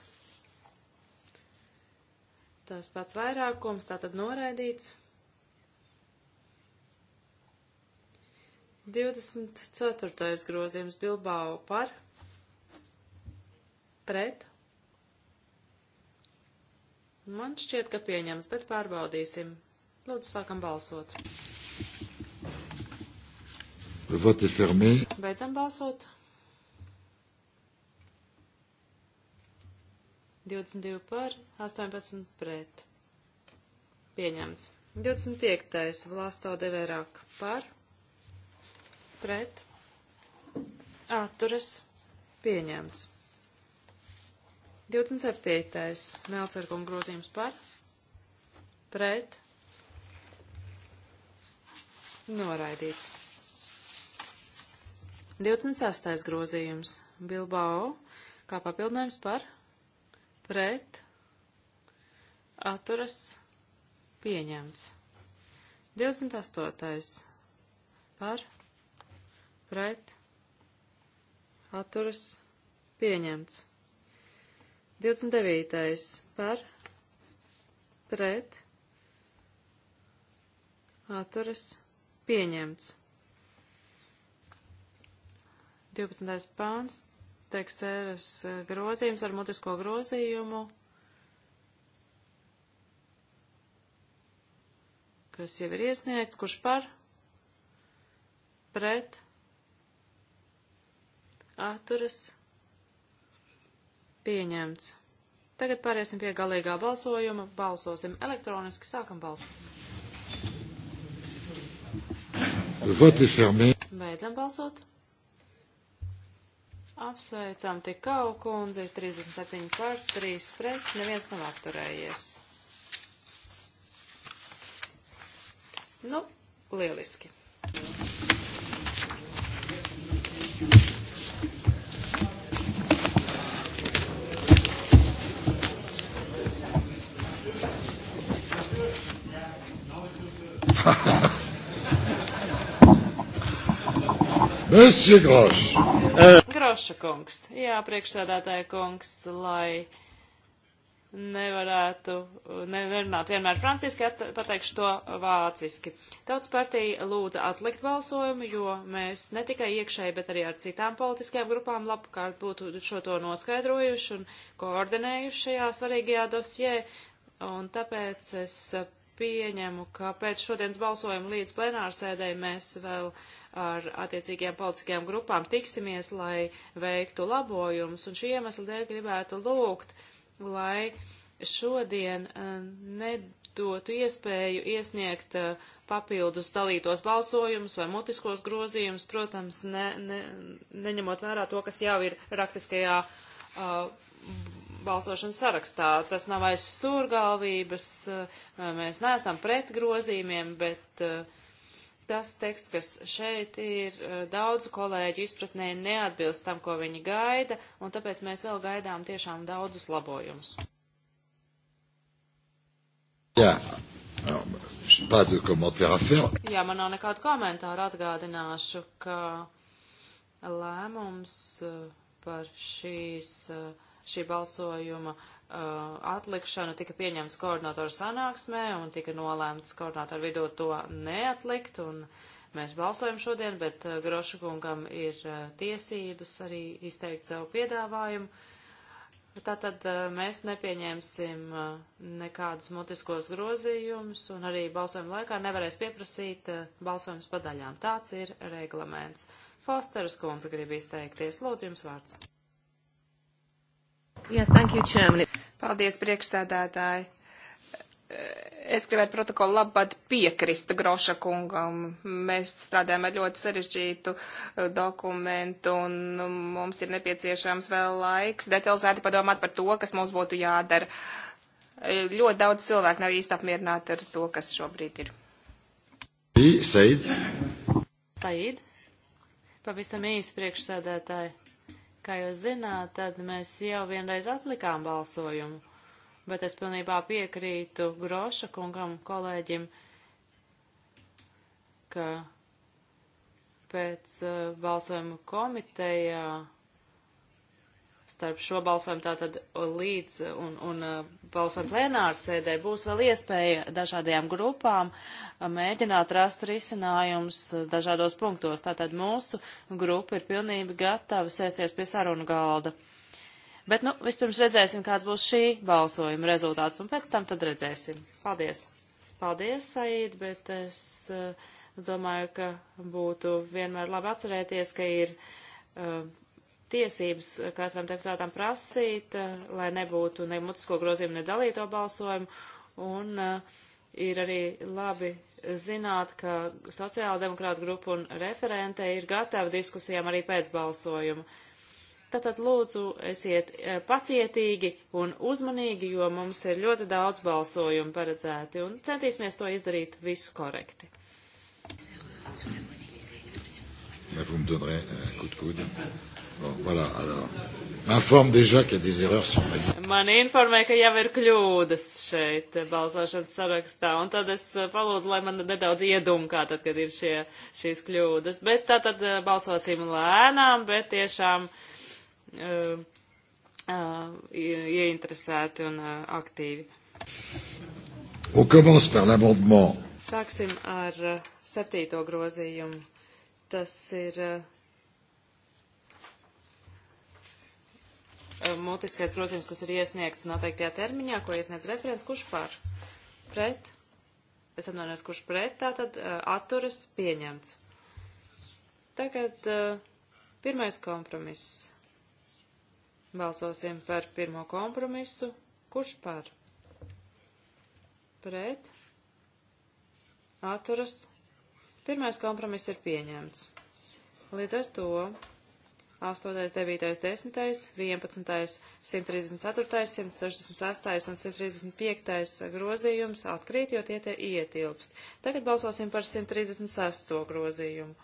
Tas pats vairākums tātad noraidīts. 24. grozījums Bilbao par Pret? Man šķiet, ka pieņems, bet pārbaudīsim. Lūdzu, sākam balsot. Vote est fermé. Beidzam balsot. 22 par, 18 pret. Pieņemts. 25. Vlasto devērāk par, pret, atturas, pieņemts. 27. Melcerkunga grozījums par, pret, noraidīts. 26. grozījums Bilbao kā papildinājums par, pret, atturas, pieņemts. 28. par, pret, atturas, pieņemts. 29. par pret atturas pieņemts. 12. pāns tekstēras eh, grozījums ar mutisko grozījumu, kas jau ir iesniegts, kurš par pret atturas pieņemts Pieņemts. Tagad pāriesim pie galīgā balsojuma. Balsosim elektroniski. Sākam balsot. Beidzam balsot. Apsveicam tikau kundzi 37 par 3 pret, neviens nav atturējies. Nu, lieliski. Monsieur Groš. Groša kungs, jā, priekšsēdētāja kungs, lai nevarētu nerunāt vienmēr franciski, pateikšu to vāciski. Tautas partija lūdza atlikt balsojumu, jo mēs ne tikai iekšēji, bet arī ar citām politiskajām grupām labkārt būtu šo to noskaidrojuši un koordinējuši šajā svarīgajā dosjē, un tāpēc es pieņemu, ka pēc šodienas balsojuma līdz plenārsēdēji mēs vēl ar attiecīgajām politiskajām grupām tiksimies, lai veiktu labojumus, un šī iemesla dēļ gribētu lūgt, lai šodien eh, nedotu iespēju iesniegt eh, papildus dalītos balsojumus vai mutiskos grozījumus, protams, ne, ne, neņemot vērā to, kas jau ir raktiskajā uh, balsošanas sarakstā. Tas nav aiz stūrgalvības, eh, mēs neesam pret grozījumiem, bet eh, tas teksts, kas šeit ir, eh, daudzu kolēģu izpratnē neatbilst tam, ko viņi gaida, un tāpēc mēs vēl gaidām tiešām daudzus labojumus. Jā. Jā, man nav nekādu komentāru atgādināšu, ka lēmums par šīs uh, šī balsojuma uh, atlikšanu tika pieņemts koordinatoru sanāksmē un tika nolēmts koordinatoru vidū to neatlikt. Un mēs balsojam šodien, bet uh, Groša kungam ir uh, tiesības arī izteikt savu piedāvājumu. Tātad uh, mēs nepieņemsim uh, nekādus mutiskos grozījumus un arī balsojuma laikā nevarēs pieprasīt uh, balsojums padaļām. Tāds ir reglaments. Fosteras kundze grib izteikties. Lūdzu, jums vārds. Yeah, thank you, Chairman. Paldies, priekšsēdētāji. Es gribētu protokolu labad piekrist Groša kungam. Mēs strādājam ar ļoti sarežģītu uh, dokumentu un um, mums ir nepieciešams vēl laiks detalizēti padomāt par to, kas mums būtu jādara. Ļoti daudz cilvēku nav īsti apmierināti ar to, kas šobrīd ir. Said. Said. Pavisam īsi priekšsēdētāji. Kā jūs zināt, tad mēs jau vienreiz atlikām balsojumu, bet es pilnībā piekrītu Groša kungam, kolēģim, ka pēc uh, balsojuma komitejā uh, starp šo balsojumu tātad līdz un, un uh, balsojumu plenāru sēdē būs vēl iespēja dažādajām grupām uh, mēģināt rast risinājums uh, dažādos punktos. Tātad mūsu grupa ir pilnīgi gatava sēsties pie sarunu galda. Bet, nu, vispirms redzēsim, kāds būs šī balsojuma rezultāts, un pēc tam tad redzēsim. Paldies! Paldies, Said, bet es uh, domāju, ka būtu vienmēr labi atcerēties, ka ir uh, tiesības eh, katram deputātam prasīt, eh, lai nebūtu ne mutisko grozījumu, ne dalīto balsojumu. Un uh, ir arī labi zināt, ka sociāldemokrāta grupa un referente ir gatava diskusijām arī pēc balsojuma. Tātad lūdzu, esiet pacietīgi un uzmanīgi, jo mums ir ļoti daudz balsojumu paredzēti un centīsimies to izdarīt visu korekti. Vous me donnerez un coup de coude. Bon, voilà, alors. M'informe déjà qu'il y a des erreurs sur ma liste. Man informē, ka jau ir kļūdas šeit eh, balsošanas sarakstā, un tad es eh, palūdzu, lai man nedaudz iedunkā, tad, kad ir šie, šīs kļūdas. Bet tā tad eh, balsosim lēnām, bet tiešām uh, uh, ieinteresēti un uh, aktīvi. On commence par l'amendement. Sāksim ar uh, septīto grozījumu. Tas ir. Uh, Eh, mutiskais grozījums, kas ir iesniegts noteiktajā termiņā, ko iesniedz referents, kurš par? Pret? Es atvainojos, kurš pret, tātad eh, atturas pieņemts. Tagad eh, pirmais kompromiss. Balsosim par pirmo kompromisu. Kurš par? Pret? Atturas? Pirmais kompromiss ir pieņemts. Līdz ar to 8, 9, 10, 11, 134, 166 un 135 grozījums atkrīt, jo tie te ietilpst. Tagad balsosim par 136 grozījumu.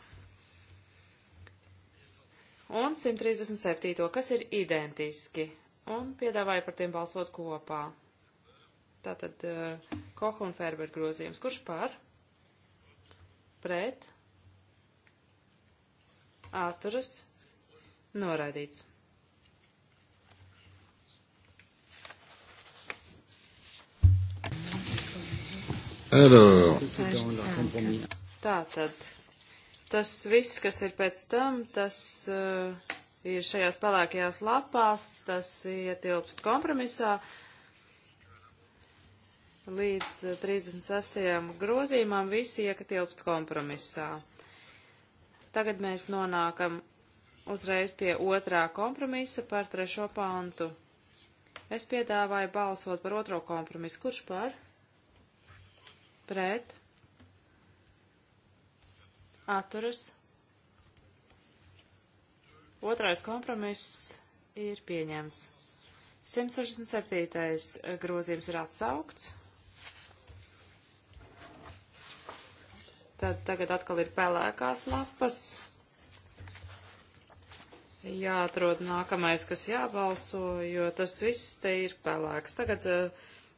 Un 137, kas ir identiski, un piedāvāja par tiem balsot kopā. Tātad uh, Koha un Ferber grozījums. Kurš par? Pret? Atturas? Noraidīts. Alors. Tā tad. Tas viss, kas ir pēc tam, tas uh, ir šajās pelēkajās lapās, tas ietilpst kompromisā līdz 36. grozījumam, visi ietilpst kompromisā. Tagad mēs nonākam uzreiz pie otrā kompromisa par trešo pantu. Es piedāvāju balsot par otro kompromisu. Kurš par? Pret? Atturas? Otrais kompromiss ir pieņemts. 167. grozījums ir atsaukts. Tad tagad atkal ir pelēkās lapas jāatrod nākamais, kas jābalso, jo tas viss te ir pelēks. Tagad eh,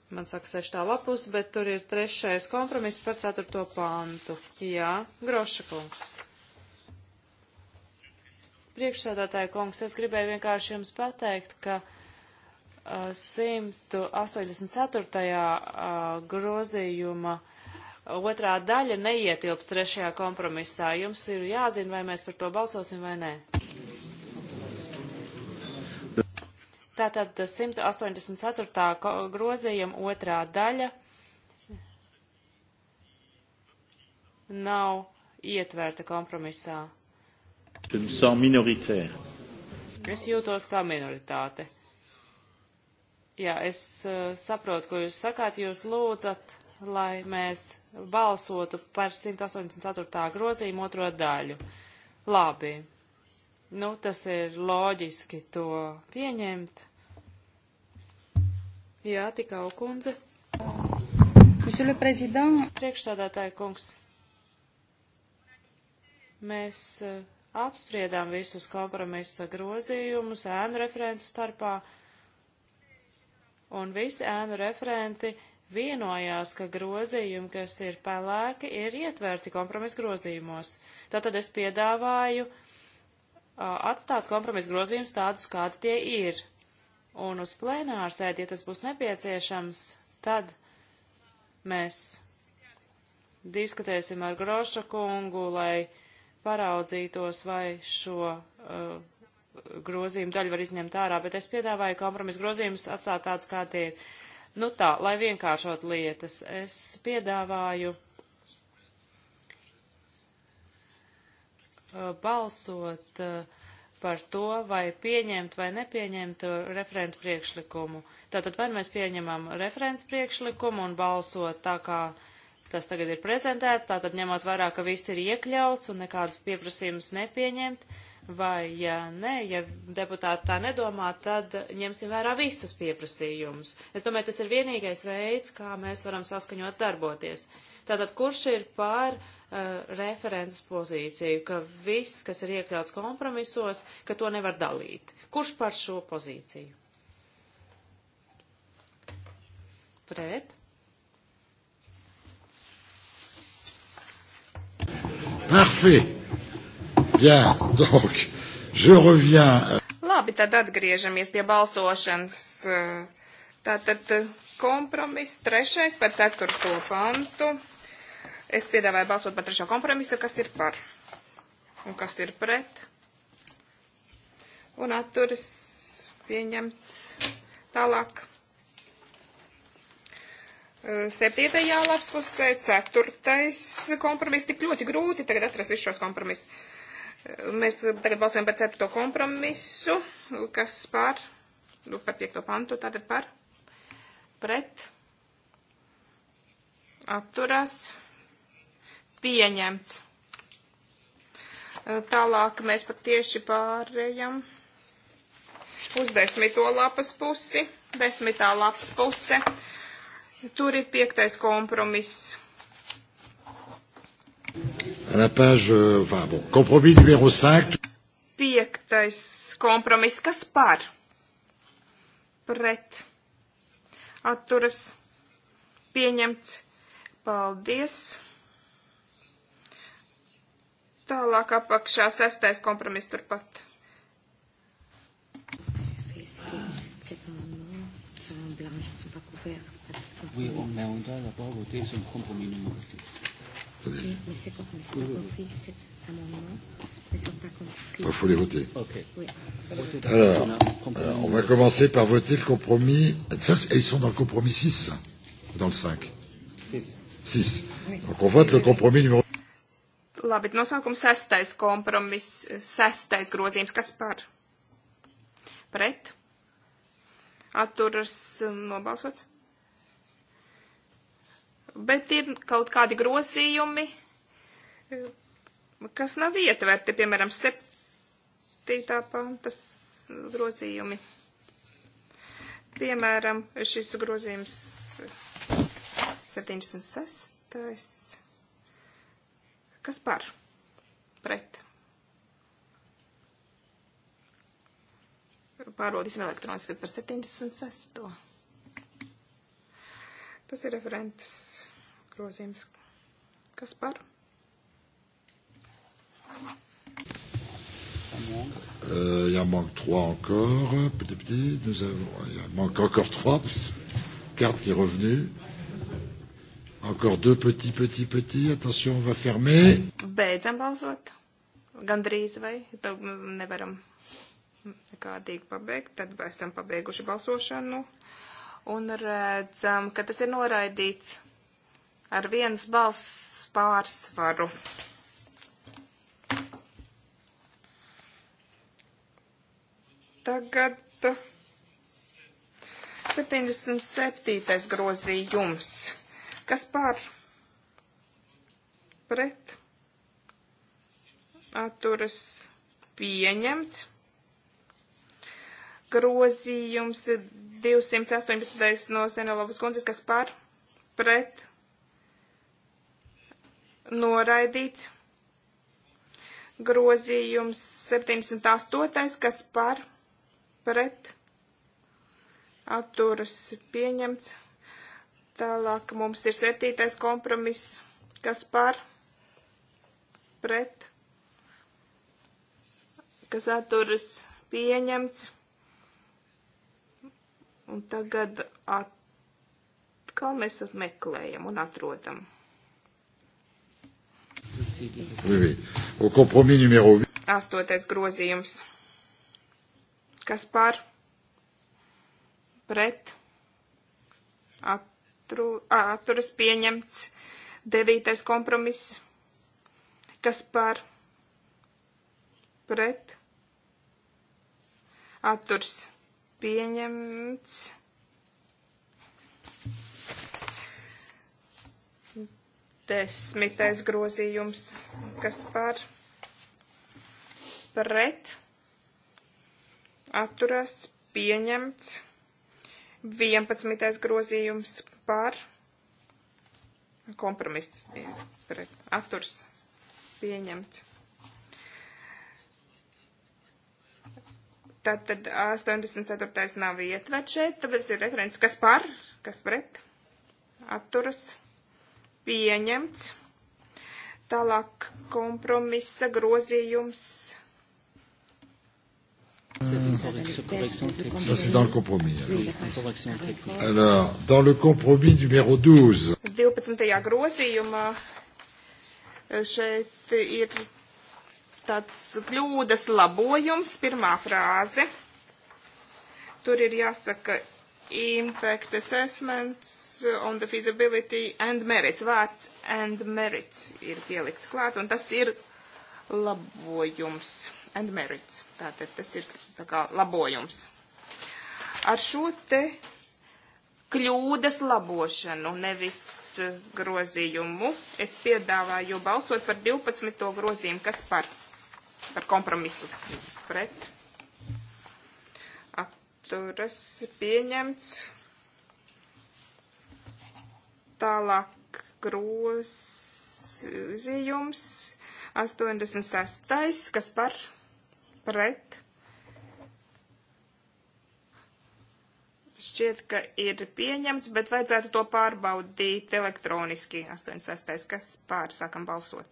man saka seštā lapus, bet tur ir trešais kompromiss par ceturto pantu. Jā, Groša kungs. Priekšsēdētāja kungs, es gribēju vienkārši jums pateikt, ka. 184. Eh, eh, grozījuma otrā daļa neietilps trešajā kompromisā. Jums ir jāzina, vai mēs par to balsosim vai nē. Tātad 184. grozījuma otrā daļa nav ietverta kompromisā. Es jūtos kā minoritāte. Jā, es uh, saprotu, ko jūs sakāt. Jūs lūdzat, lai mēs balsotu par 184. grozījumu otro daļu. Labi. Nu, tas ir loģiski to pieņemt. Jā, tikau kundze. Monsieur le Président. Priekšsādātāja kungs. Mēs uh, apspriedām visus kompromisa grozījumus ēnu referentu starpā, un visi ēnu referenti vienojās, ka grozījumi, kas ir pelēki, ir ietverti kompromisa grozījumos. Tātad es piedāvāju uh, atstāt kompromisu grozījumus tādus, kādi tie ir. Un uz plēnārsēdi, ja tas būs nepieciešams, tad mēs diskutēsim ar Groša kungu, lai paraudzītos, vai šo uh, grozījumu daļu var izņemt ārā, bet es piedāvāju kompromisu grozījumus atstāt tādus, kā tie ir. Nu tā, lai vienkāršot lietas, es piedāvāju Uh, balsot uh, par to, vai pieņemt vai nepieņemt uh, referentu priekšlikumu. Tātad vai mēs pieņemam referents priekšlikumu un balsot tā, kā tas tagad ir prezentēts, tātad ņemot vērā, ka viss ir iekļauts un nekādas pieprasījumus nepieņemt, vai ja nē, ja deputāti tā nedomā, tad ņemsim vērā visas pieprasījumus. Es domāju, tas ir vienīgais veids, kā mēs varam saskaņot darboties. Tātad kurš ir pār Eh, referents pozīciju, ka viss, kas ir iekļauts kompromisos, ka to nevar dalīt. Kurš par šo pozīciju? Pret. Parfait. Bien, donc, je reviens. Labi, tad atgriežamies pie balsošanas. Eh, tātad eh, kompromiss trešais par ceturto pantu Es piedāvāju balsot par trešo kompromisu, kas ir par un kas ir pret. Un atturas pieņemts tālāk. Septītajā lapspusē, ceturtais kompromiss, tik ļoti grūti tagad atrast visus šos kompromisus. Mēs tagad balsojam par ceturto kompromisu, kas par, nu, par piekto pantu, tātad par, pret, atturas, pieņemts. Tālāk mēs pat tieši pārējam uz desmito lapas pusi, desmitā lapas puse. Tur ir piektais kompromiss. À la page, euh, enfin bon, compromis numéro 5. Piektais kompromiss, kas par? Pret. Atturas. Pieņemts. Paldies. Tālāk apakšā sestais kompromiss turpat. Oui, on, mais on doit d'abord voter sur le compromis numéro 6. Oui, mais c'est pas, mais c'est pas compris cet amendement. Ils sont pas compris. Il faut les voter. Okay. Oui. Alors, alors, on va commencer par voter le compromis. Ça, ils sont dans le compromis 6 ou dans le 5 6. 6. Oui. Donc on vote le compromis numéro Labi, nosaukums sestais kompromiss, sestais grozījums, kas par? Pret? Atturas um, nobalsots? Bet ir kaut kādi grozījumi, kas nav ietverti, piemēram, septītā pantas grozījumi. Piemēram, šis grozījums 76. Kas par? Pret. Pārbaudīsim elektroniski par 76. Tas ir referents grozījums. Kas par? Euh, il en manque trois encore, petit petit. Nous avons, il en manque encore trois, carte qui est revenue. Euh, Encore deux petits, petits, petits. Attention, on va fermer. Beidzam balsot. Gandrīz vai nevaram nekādīgi pabeigt. Tad esam pabeiguši balsošanu un redzam, ka tas ir noraidīts ar vienas balss pārsvaru. Tagad 77. grozījums Kas par? Pret. Atturas pieņemts. Grozījums 218. no Senelovas kundzes, kas par? Pret. Noraidīts grozījums 78, kas par pret atturas pieņemts. Tālāk mums ir septītais kompromiss, kas par pret, kas atturas pieņemts. Un tagad atkal mēs meklējam un atrodam. Astotais grozījums. Kas par? Pret? At atru, atturas pieņemts. Devītais kompromiss, kas par pret atturs pieņemts. Desmitais grozījums, kas par pret atturas pieņemts. Vienpadsmitais grozījums par kompromiss eh, pret atturs pieņemts. Tātad 84. nav ietvērt šeit, tāpēc ir referents, kas par, kas pret, atturas, pieņemts. Tālāk kompromisa grozījums Mmh. Ça, c'est dans le compromis. Alors. alors, dans le compromis numéro 12. 12. grozījumā e, šeit ir tāds kļūdas labojums, pirmā frāze. Tur ir jāsaka impact assessments on the feasibility and merits. Vārds and merits ir pielikts klāt, un tas ir labojums and merits. Tātad tas ir tā kā labojums. Ar šo te kļūdas labošanu, nevis eh, grozījumu, es piedāvāju balsot par 12. grozījumu, kas par, par kompromisu pret. Atturas pieņemts. Tālāk grozījums. 86. kas par pret. Šķiet, ka ir pieņemts, bet vajadzētu to pārbaudīt elektroniski. 86. kas pārsākam balsot.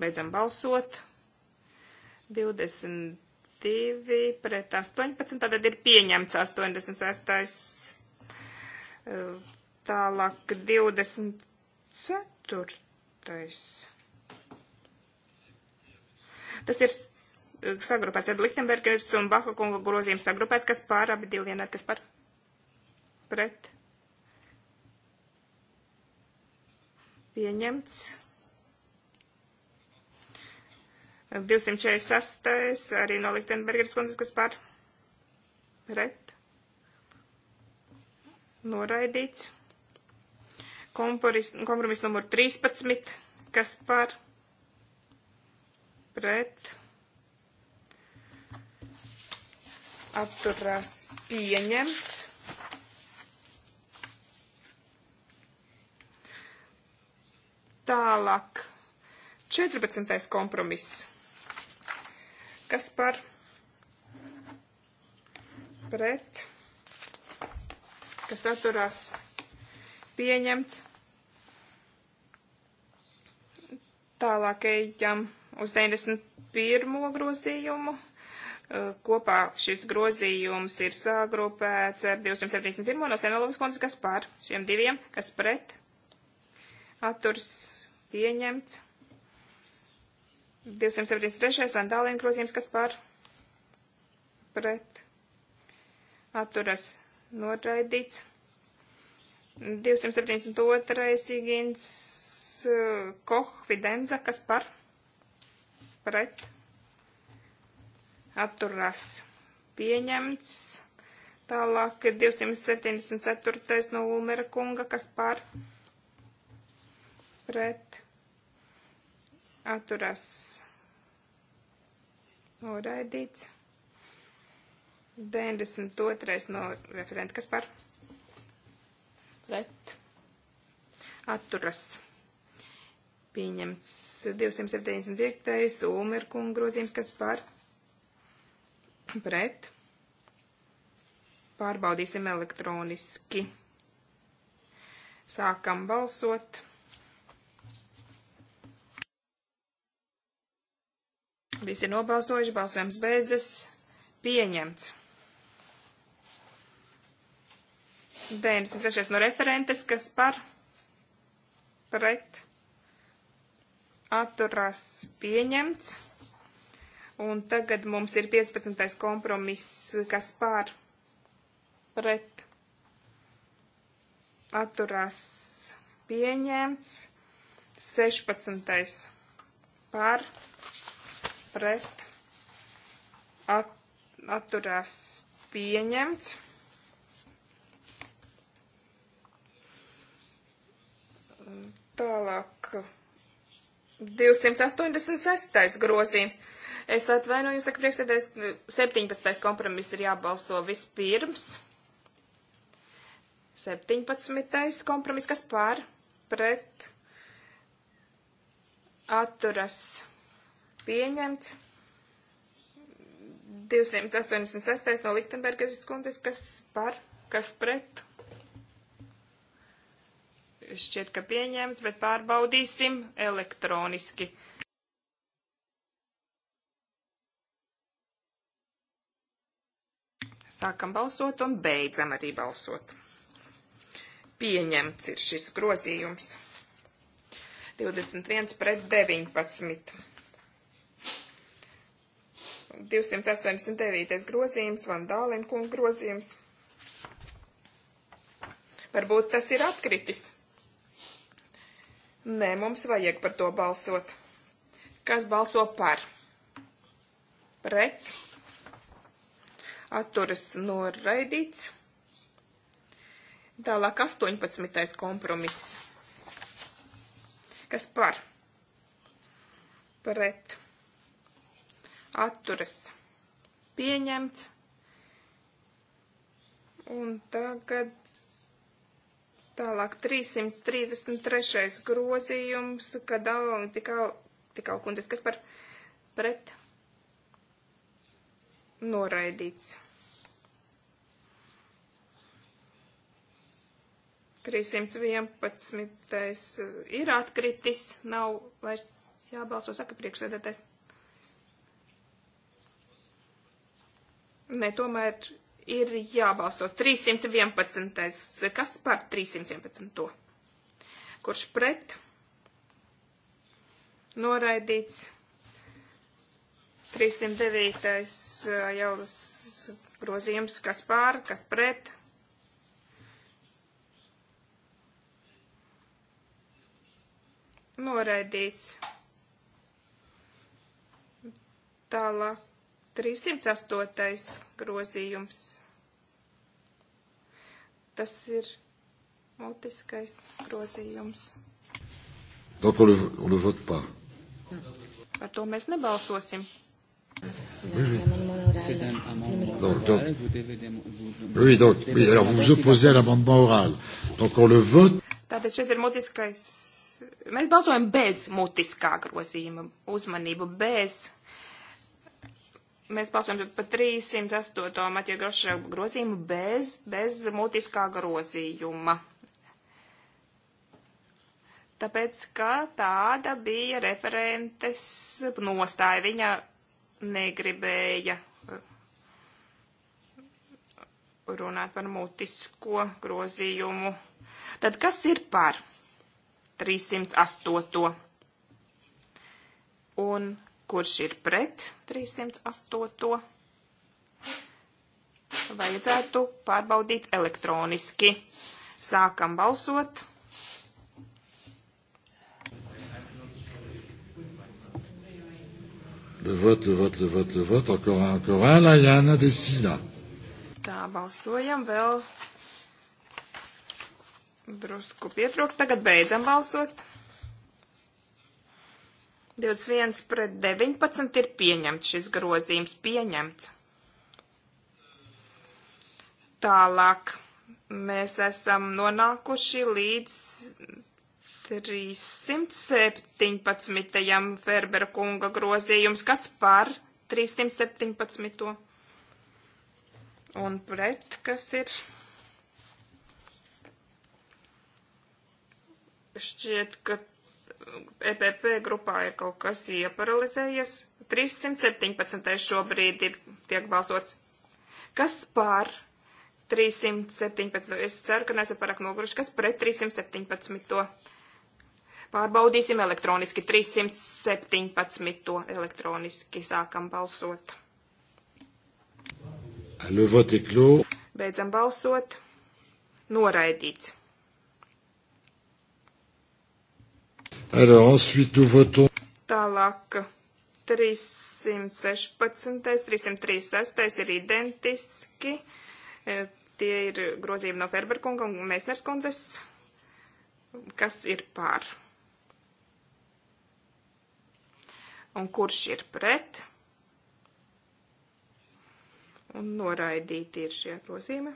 Beidzam balsot. 22 pret 18, tad ir pieņemts 86. Tālāk 24. Tas ir sagrupēts ar Lichtenbergers un Baha kunga grozījums sagrupēts, kas pār abi divi vienādi, kas par pret pieņemts. 246. arī no Lichtenbergers kundzes, kas par pret noraidīts. Kompromis, kompromis numur 13, kas par pret atturās pieņemts. Tālāk 14. kompromiss. Kas par pret, kas atturās pieņemts. Tālāk ejam. Ja uz 91. grozījumu. Kopā šis grozījums ir sagrupēts ar 271. no Senelovas kundzes, kas par šiem diviem, kas pret atturs pieņemts. 273. vandāliem grozījums, kas par pret atturas noraidīts. 272. Igins Koh Fidenza, kas par pret pret atturās pieņemts. Tālāk 274. no Ulmera kunga, kas par pret atturās noraidīts. 92. no referenta, kas par pret atturas pieņemts 275. Ulmerkunga grozījums, kas par pret. Pārbaudīsim elektroniski. Sākam balsot. Visi ir nobalsojuši, balsojums beidzas. Pieņemts. 93. no referentes, kas par pret atturās pieņemts. Un tagad mums ir 15. kompromiss, kas pār pret atturās pieņemts. 16. pār pret at, atturās pieņemts. Tālāk 286. grozījums. Es atvainojos, saka priekšsēdājs, 17. kompromiss ir jābalso vispirms. 17. kompromiss, kas pār pret atturas pieņemts. 286. no Liktenbergas kundzes, kas par, kas pret šķiet, ka pieņemts, bet pārbaudīsim elektroniski. Sākam balsot un beidzam arī balsot. Pieņemts ir šis grozījums. 21 pret 19. 289. grozījums, Vandālenkunga grozījums. Varbūt tas ir atkritis. Nē, mums vajag par to balsot. Kas balso par? Pret. Atturas noraidīts. Tālāk 18. kompromiss. Kas par? Pret. Atturas pieņemts. Un tagad Tālāk 333. grozījums, kad tikau, tikau kundzes, kas par pret noraidīts. 311. ir atkritis, nav vairs jābalso, saka priekšsēdētājs. Nē, tomēr ir jābalso 311. Kas par 311? Kurš pret? Noraidīts. 309. jau grozījums, kas pār, kas pret. Noraidīts. Tālāk. 308. grozījums. Tas ir mutiskais grozījums. Donc on le, on le vote pas. Par to mēs nebalsosim. Donc, donc, oui, donc, oui, alors vous vous opposez à l'amendement oral. Donc on le vote. Tātad šeit ir mutiskais. Mēs balsojam bez mutiskā grozījuma. Uzmanību bez mēs balsojam par 308. Matija Groša grozījumu bez, bez mutiskā grozījuma. Tāpēc, ka tāda bija referentes nostāja. Viņa negribēja uh, runāt par mutisko grozījumu. Tad kas ir par 308. un kurš ir pret 308. Vajadzētu pārbaudīt elektroniski. Sākam balsot. Le vote, le vote, le vote, le vote, encore un, encore un, là, il y a un indécis, là. Tā, balsojam vēl. Drusku pietrūks, tagad beidzam balsot. 21 pret 19 ir pieņemts šis grozījums. Pieņemts. Tālāk mēs esam nonākuši līdz 317. Ferbera kunga grozījums, kas par 317. Un pret, kas ir? Šķiet, ka EPP grupā ir kaut kas ieparalizējies. 317. šobrīd ir tiek balsots. Kas par 317? Es ceru, ka neesat pārāk noguruši. Kas pret 317? Pārbaudīsim elektroniski. 317. elektroniski sākam balsot. Le vote est clos. Beidzam balsot. Noraidīts. Alors, ensuite, nous votons. Tālāk, 316, 336 ir identiski. E, tie ir grozījumi no Ferberkunga un Mēsners kundzes. Kas ir pār? Un kurš ir pret? Un noraidīti ir šie grozījumi.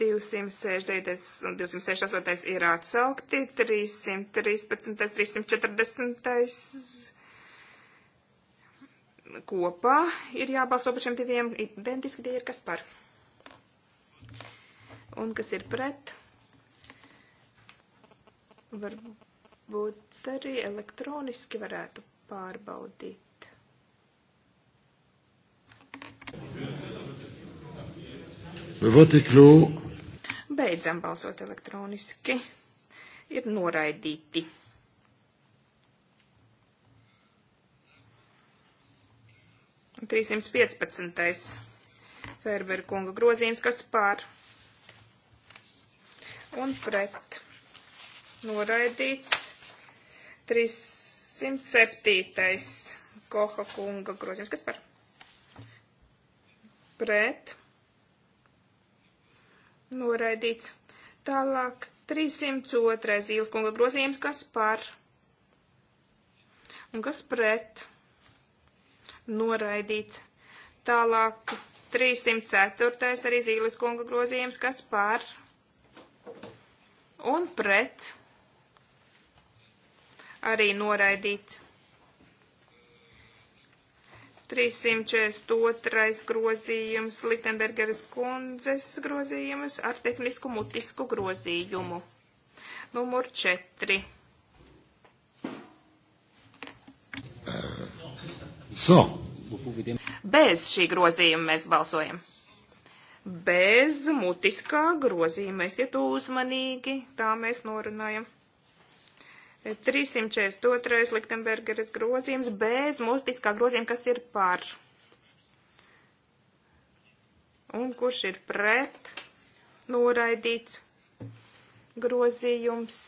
269. un 268. ir atsaukti, 313. 340 kopā ir jābalso par šiem diviem identiski, tie ir kas par. Un kas ir pret. Varbūt arī elektroniski varētu pārbaudīt. Le vote est clos. Beidzam balsot elektroniski. Ir noraidīti. Trīsimt piecpadsmitais Ferberu kunga grozījums, kas pār un pret noraidīts. 307. Koha kunga grozījums, kas par pret noraidīts Noraidīts. Tālāk 302. zīles kunga grozījums, kas par un kas pret. Noraidīts. Tālāk 304. arī zīles kunga grozījums, kas par un pret. Arī noraidīts. 342. grozījums, Liktenbergeres kundzes grozījums ar tehnisku mutisku grozījumu. Numur 4. So. Bez šī grozījuma mēs balsojam. Bez mutiskā grozījuma. Esiet uzmanīgi, tā mēs norunājam. 342. Liktenbergeres grozījums bez mustiskā grozījuma, kas ir par. Un kurš ir pret? Noraidīts grozījums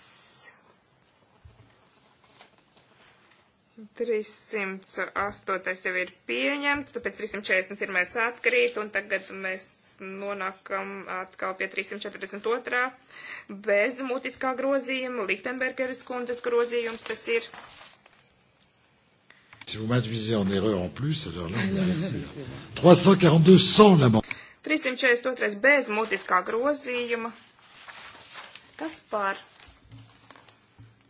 308. jau ir pieņemts, tāpēc 341. atkrīt, un tagad mēs nonākam atkal pie 342. bez mutiskā grozījuma, Lichtenbergeris kundzes grozījums tas ir. Si vous m'induisez en erreur en plus, alors là, on n'y arrive plus. 342 sans l'amendement. 342 bez mutiskā grozījuma. Kas par?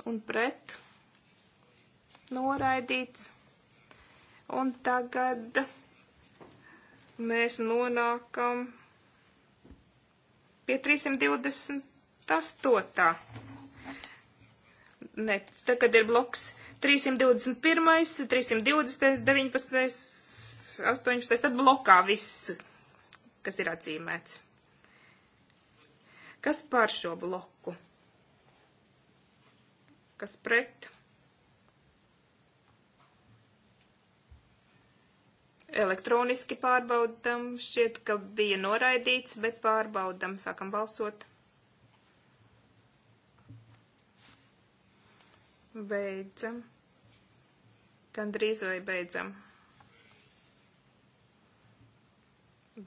Un pret? Noraidīts. Un tagad mēs nonākam pie 328. Nē, tagad ir bloks 321, 320, 19, 18, tad blokā viss, kas ir atzīmēts. Kas pār šo bloku? Kas pret? Elektroniski pārbaudam, šķiet, ka bija noraidīts, bet pārbaudam, sākam balsot. Beidzam. Gandrīz vai beidzam.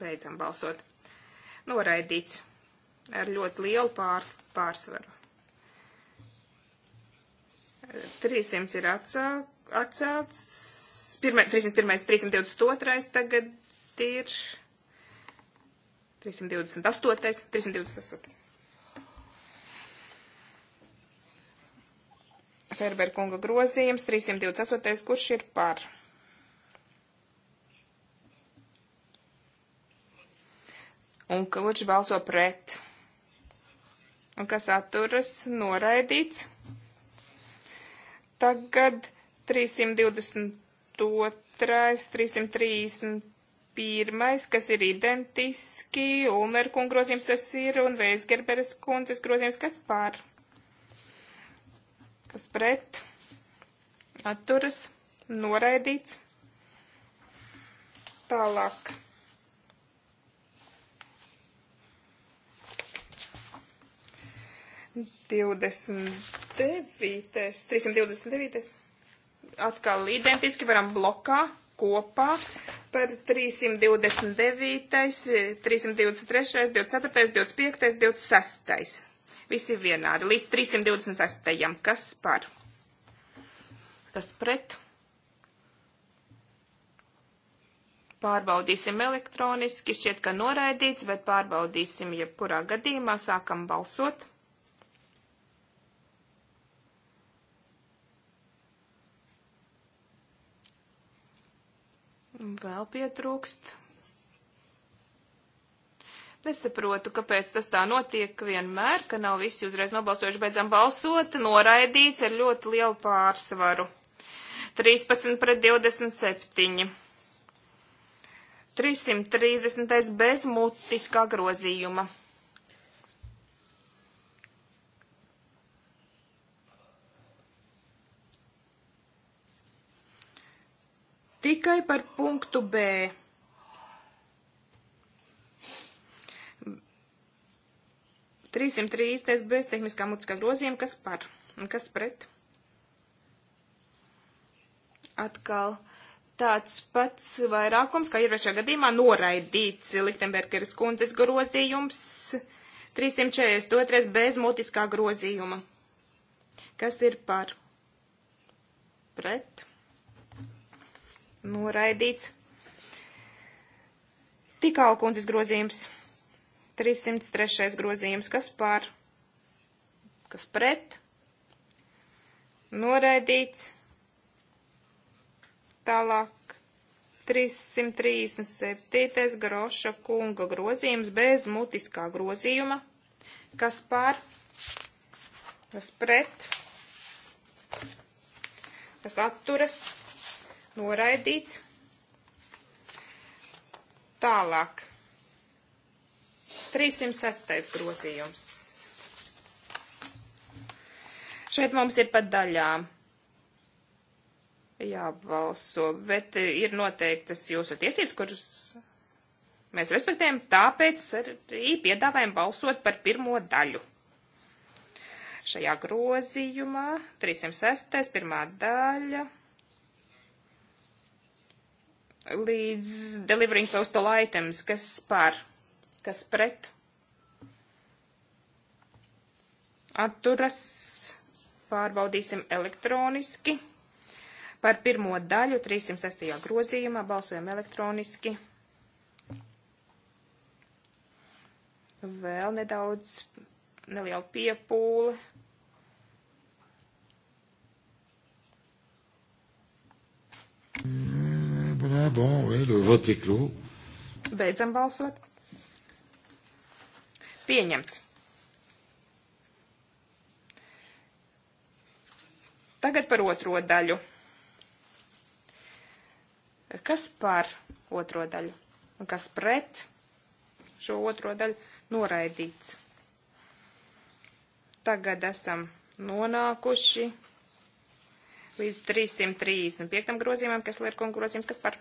Beidzam balsot. Noraidīts ar ļoti lielu pār, pārsvaru. 300 ir atsā, atcelts, 301, 322 tagad ir 328, 328. Ferberkunga grozījums 328, kurš ir par? Un kurš balso pret? Un kas atturas noraidīts? Tagad 320. 332, 331, kas ir identiski, Ulmerkunga grozījums tas ir, un Vēsgerberes kundzes grozījums, kas par, kas pret, atturas, noraidīts, tālāk. Divdesmit devītais, trīsim divdesmit devītais atkal identiski varam blokā kopā par 329, 323, 24, 25, 26. Visi vienādi līdz 326. Kas par? Kas pret? Pārbaudīsim elektroniski, šķiet, ka noraidīts, bet pārbaudīsim jebkurā gadījumā, sākam balsot. vēl pietrūkst. Nesaprotu, kāpēc tas tā notiek vienmēr, ka nav visi uzreiz nobalsojuši, beidzam balsot, noraidīts ar ļoti lielu pārsvaru. 13 pret 27. 330. bez mutiskā grozījuma. tikai par punktu B. Trīsimt trīstais bez tehniskā mutiskā grozījuma, kas par un kas pret. Atkal tāds pats vairākums, kā iepriekšējā gadījumā, noraidīts Liktenbergeres kundzes grozījums 342 bez mutiskā grozījuma. Kas ir par? Pret? noraidīts. Tikau kundzes grozījums, 303. grozījums, kas pār, kas pret, noraidīts. Tālāk 337. groša kunga grozījums bez mutiskā grozījuma, kas pār, kas pret, kas atturas noraidīts. Tālāk. 306. grozījums. Šeit mums ir pa daļām jābalso, bet ir noteiktas jūsu tiesības, kuras mēs respektējam, tāpēc arī piedāvājam balsot par pirmo daļu. Šajā grozījumā 306. pirmā daļa līdz delivering postal items, kas par, kas pret, atturas, pārbaudīsim elektroniski. Par pirmo daļu 306. grozījumā balsojam elektroniski. Vēl nedaudz neliela piepūle. Mm. Ah bon, oui, le vote est clos. Beidzam balsot. Pieņemts. Tagad par otro daļu. Kas par otro daļu? Un kas pret šo otro daļu? Noraidīts. Tagad esam nonākuši līdz 335 grozījumam, kas ir konkurējums, kas par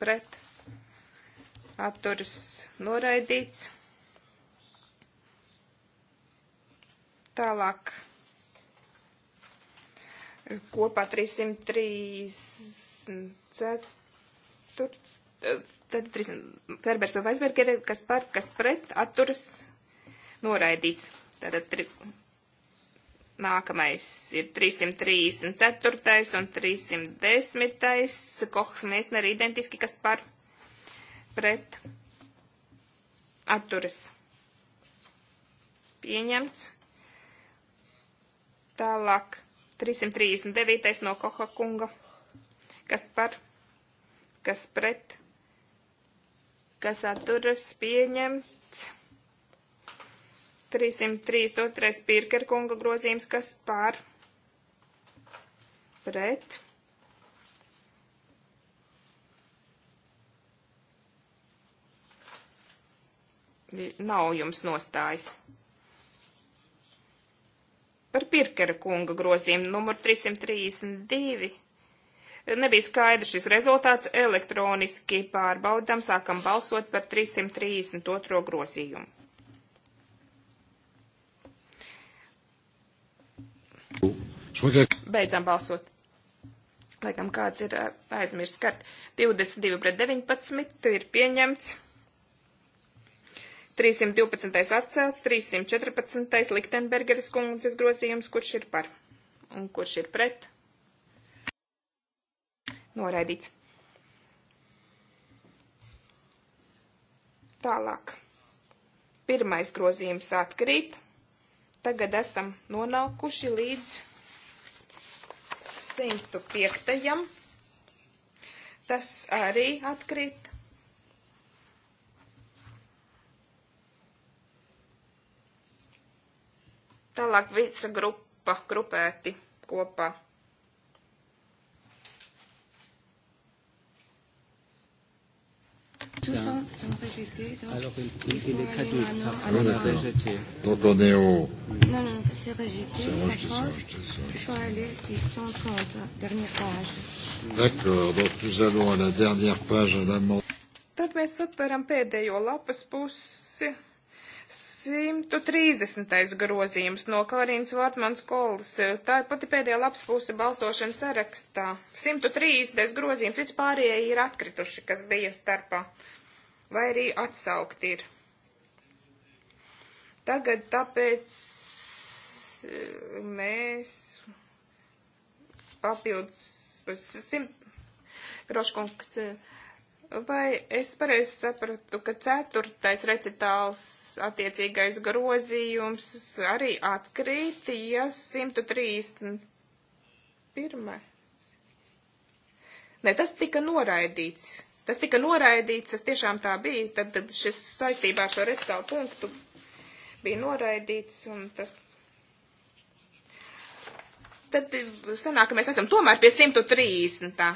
pret apturas noraidīts. Tālāk kopā 334. Tad 300 Ferbers un Vaisbergeri, kas par, kas pret, atturas noraidīts. Tātad Nākamais ir 334. un 310. Koks Mēsner identiski, kas par pret atturas pieņemts. Tālāk 339. no Koha kunga, kas par, kas pret, kas atturas pieņemts. 303. otrais Pirkerkunga grozījums, kas pār pret. Nav jums nostājis. Par Pirkera kunga grozījumu numur 332 nebija skaidrs šis rezultāts elektroniski pārbaudām, sākam balsot par 332. grozījumu. Beidzam balsot. Laikam kāds ir aizmirst skart. 22 pret 19 ir pieņemts. 312. atcelts, 314. Liktenbergeres kundzes grozījums, kurš ir par un kurš ir pret. Noraidīts. Tālāk. Pirmais grozījums atkrīt. Tagad esam nonākuši līdz 105. Tas arī atkrīt. Tālāk visa grupa grupēti kopā. Tous sont rejetés. Donc Alors il, il, il est caduque parce qu'on est rejeté. Donc on est au. Non, non, ça c'est rejeté. Ça rejeté, change. Il faut aller sur 130, dernière page. D'accord, donc nous allons à la dernière page à l'amendement. Tad mēs atveram pēdējo lapas pusi. 130. grozījums no Karīnas Vārtmans kolas. Tā ir pati pēdējā labs puse balsošanas sarakstā. 130. grozījums vispārējie ir atkrituši, kas bija starpā. Vai arī atsaukt ir. Tagad tāpēc eh, mēs papildus 100. Eh, Groškungs. Uh, Vai es pareizi sapratu, ka ceturtais recitāls attiecīgais grozījums arī atkrīt, ja 131. Nē, tas tika noraidīts. Tas tika noraidīts, tas tiešām tā bija. Tad, tad šis saistībā ar šo recitālu punktu bija noraidīts un tas. Tad eh, sanāk, ka mēs esam tomēr pie 130.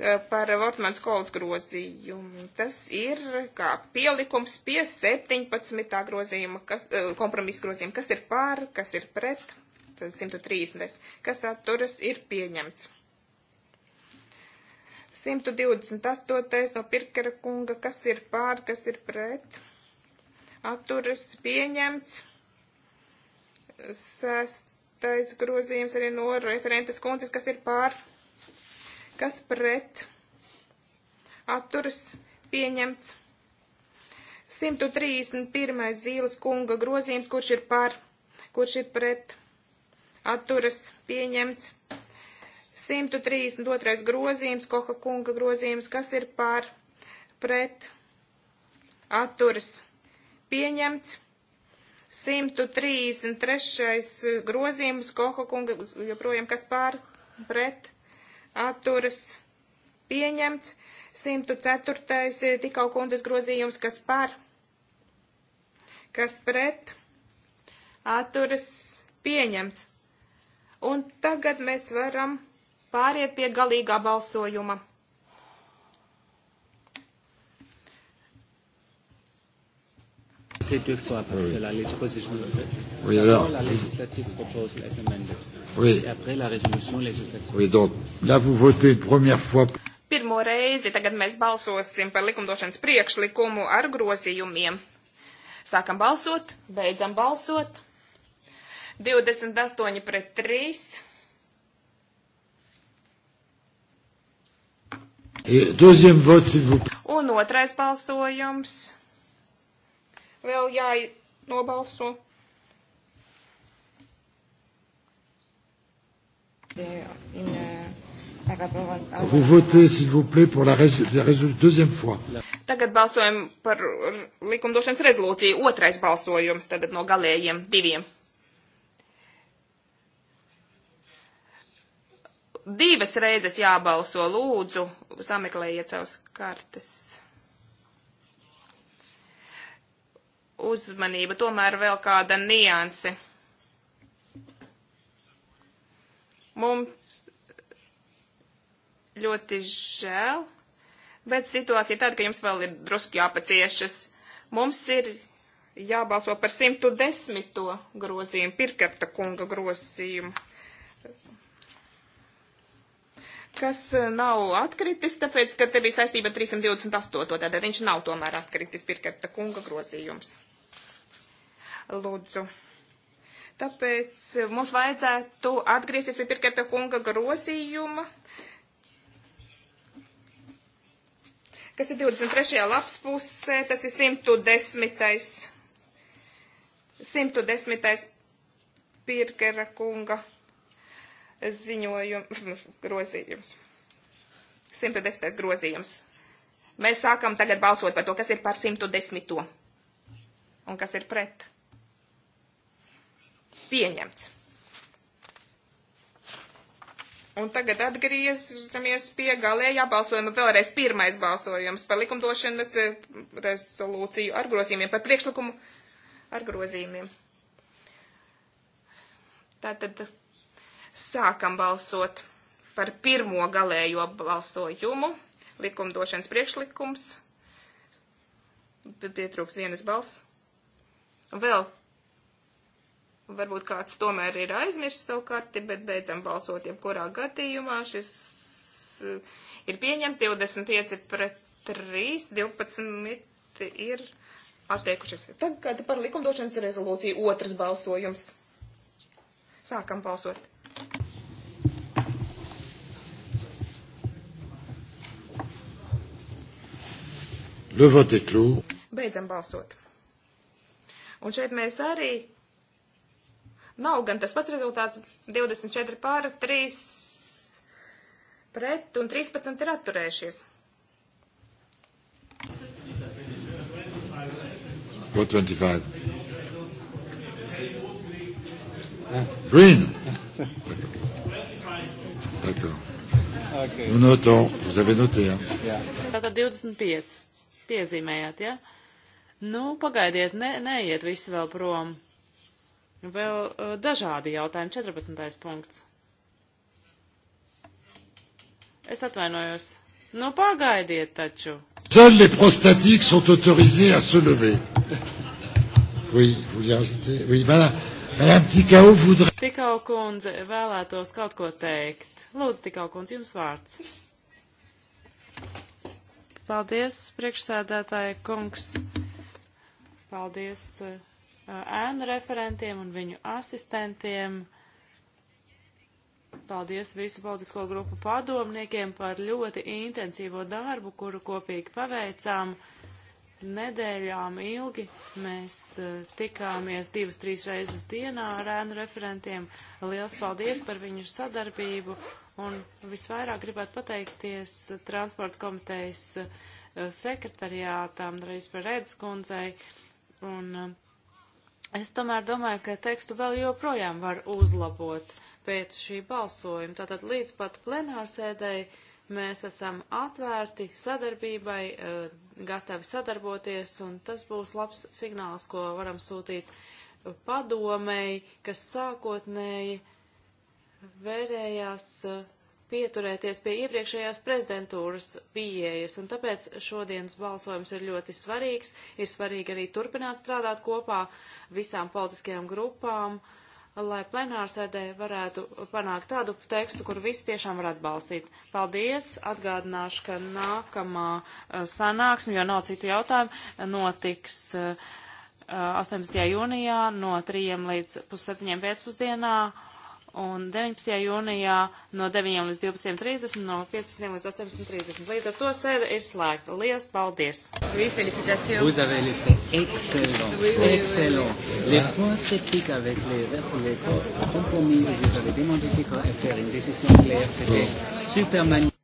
Eh, par Vortmans kolas grozījumu. Tas ir kā pielikums pie 17. grozījuma, kas, eh, kompromisa grozījuma, kas ir pār, kas ir pret, 130. kas atturas ir pieņemts. 128. no Pirkera kunga, kas ir pār, kas ir pret, atturas pieņemts. Sestais grozījums arī no referentes kundzes, kas ir pār, kas pret atturas pieņemts. 131. zīles kunga grozījums, kurš ir par, kurš ir pret atturas pieņemts. 132. grozījums, koka kunga grozījums, kas ir par, pret atturas pieņemts. 133. grozījums, koka kunga joprojām kas par, pret atturas pieņemts. 104. Eh, tikau kundzes grozījums, kas par, kas pret, atturas pieņemts. Un tagad mēs varam pāriet pie galīgā balsojuma. traiter deux fois parce oui. que la législation, oui, alors, la législative propose les amendements. Oui. Et après la résolution législative. Oui, donc là vous votez une première fois. Pirmo reizi tagad mēs balsosim par likumdošanas priekšlikumu ar grozījumiem. Sākam balsot, beidzam balsot. 28 pret 3. Et deuxième vote, s'il vous plaît. Un otrais balsojums vēl jānobalso. Vous votez, s'il vous plaît, pour la, rés la rés deuxième fois. Tagad balsojam par likumdošanas rezolūciju. Otrais balsojums tagad no galējiem diviem. Divas reizes jābalso, lūdzu, sameklējiet savas kartes. uzmanība, tomēr vēl kāda nianse. Mums ļoti žēl, bet situācija tāda, ka jums vēl ir drusku jāpaciešas. Mums ir jābalso par 110. grozījumu, Pirkepta kunga grozījumu, kas eh, nav atkritis, tāpēc, ka te bija saistība 328. Tātad viņš nav tomēr atkritis Pirkepta kunga grozījums lūdzu. Tāpēc eh, mums vajadzētu atgriezties pie Pirketa kunga grozījuma, kas ir 23. lapas pusē, tas ir 110. 110. Pirkera kunga ziņojums, grozījums. 110. grozījums. Mēs sākam tagad balsot par to, kas ir par 110. un kas ir pret. Pieņemts. Un tagad atgriežamies pie galējā balsojuma. Vēlreiz pirmais balsojums par likumdošanas eh, rezolūciju ar grozījumiem, par priekšlikumu ar grozījumiem. Tātad sākam balsot par pirmo galējo balsojumu. Likumdošanas priekšlikums. Pietrūks vienas balss. Vēl Varbūt kāds tomēr ir aizmirsis savu karti, bet beidzam balsot jebkurā gadījumā. Šis eh, ir pieņemts 25 pret 3, 12 ir atteikušies. Tagad par likumdošanas rezolūciju otrs balsojums. Sākam balsot. Le vote est clos. Beidzam balsot. Un šeit mēs arī Nav gan tas pats rezultāts 24 pār 3 pret un 13 ir atturējušies. Go 25. Green. D'accord. Okay. Nous notons, vous avez noté. Hein. Yeah. Tātad 25. Piezīmējāt, ja? Nu, pagaidiet, ne, neiet visi vēl prom. Vēl uh, dažādi jautājumi. 14. punkts. Es atvainojos. Nu, pagaidiet taču. Seuls les prostatiques sont autorisés à se lever. Oui, je voulais ajouter. Oui, voilà. Madame Tikau voudrait. Tikau kundze vēlētos kaut ko teikt. Lūdzu, Tikau kundze, jums vārds. Paldies, priekšsēdētāja kungs. Paldies. Uh, ēnu referentiem un viņu asistentiem. Paldies visu politisko grupu padomniekiem par ļoti intensīvo darbu, kuru kopīgi paveicām. Nedēļām ilgi mēs eh, tikāmies divas, trīs reizes dienā ar ēnu referentiem. Liels paldies par viņu sadarbību un visvairāk gribētu pateikties transporta komitejas eh, sekretariātām, reiz par Redzkundzei. Un, uh, Es tomēr domāju, ka tekstu vēl joprojām var uzlabot pēc šī balsojuma. Tātad līdz pat plenārsēdēji mēs esam atvērti sadarbībai, eh, gatavi sadarboties, un tas būs labs signāls, ko varam sūtīt padomēji, kas sākotnēji vērējās uh, pieturēties pie iepriekšējās prezidentūras pieejas, un tāpēc šodienas balsojums ir ļoti svarīgs. Ir svarīgi arī turpināt strādāt kopā visām politiskajām grupām, lai plenārsēdē varētu panākt tādu tekstu, kur visi tiešām var atbalstīt. Paldies! Atgādināšu, ka nākamā eh, sanāksme, jo nav citu jautājumu, notiks. Eh, eh, 18. jūnijā no 3 līdz 7. pēcpusdienā un 19. jūnijā no 9 līdz 12.30, no 15 līdz 18.30. Līdz ar to sēde ir slēgta. Lielas paldies! Oui, félicitations! Vous avez les faits excellents, oui, oui, excellents. Oui, oui. Les points critiques avec les, les compromis, vous avez demandé à faire une décision claire, c'était super magnifique.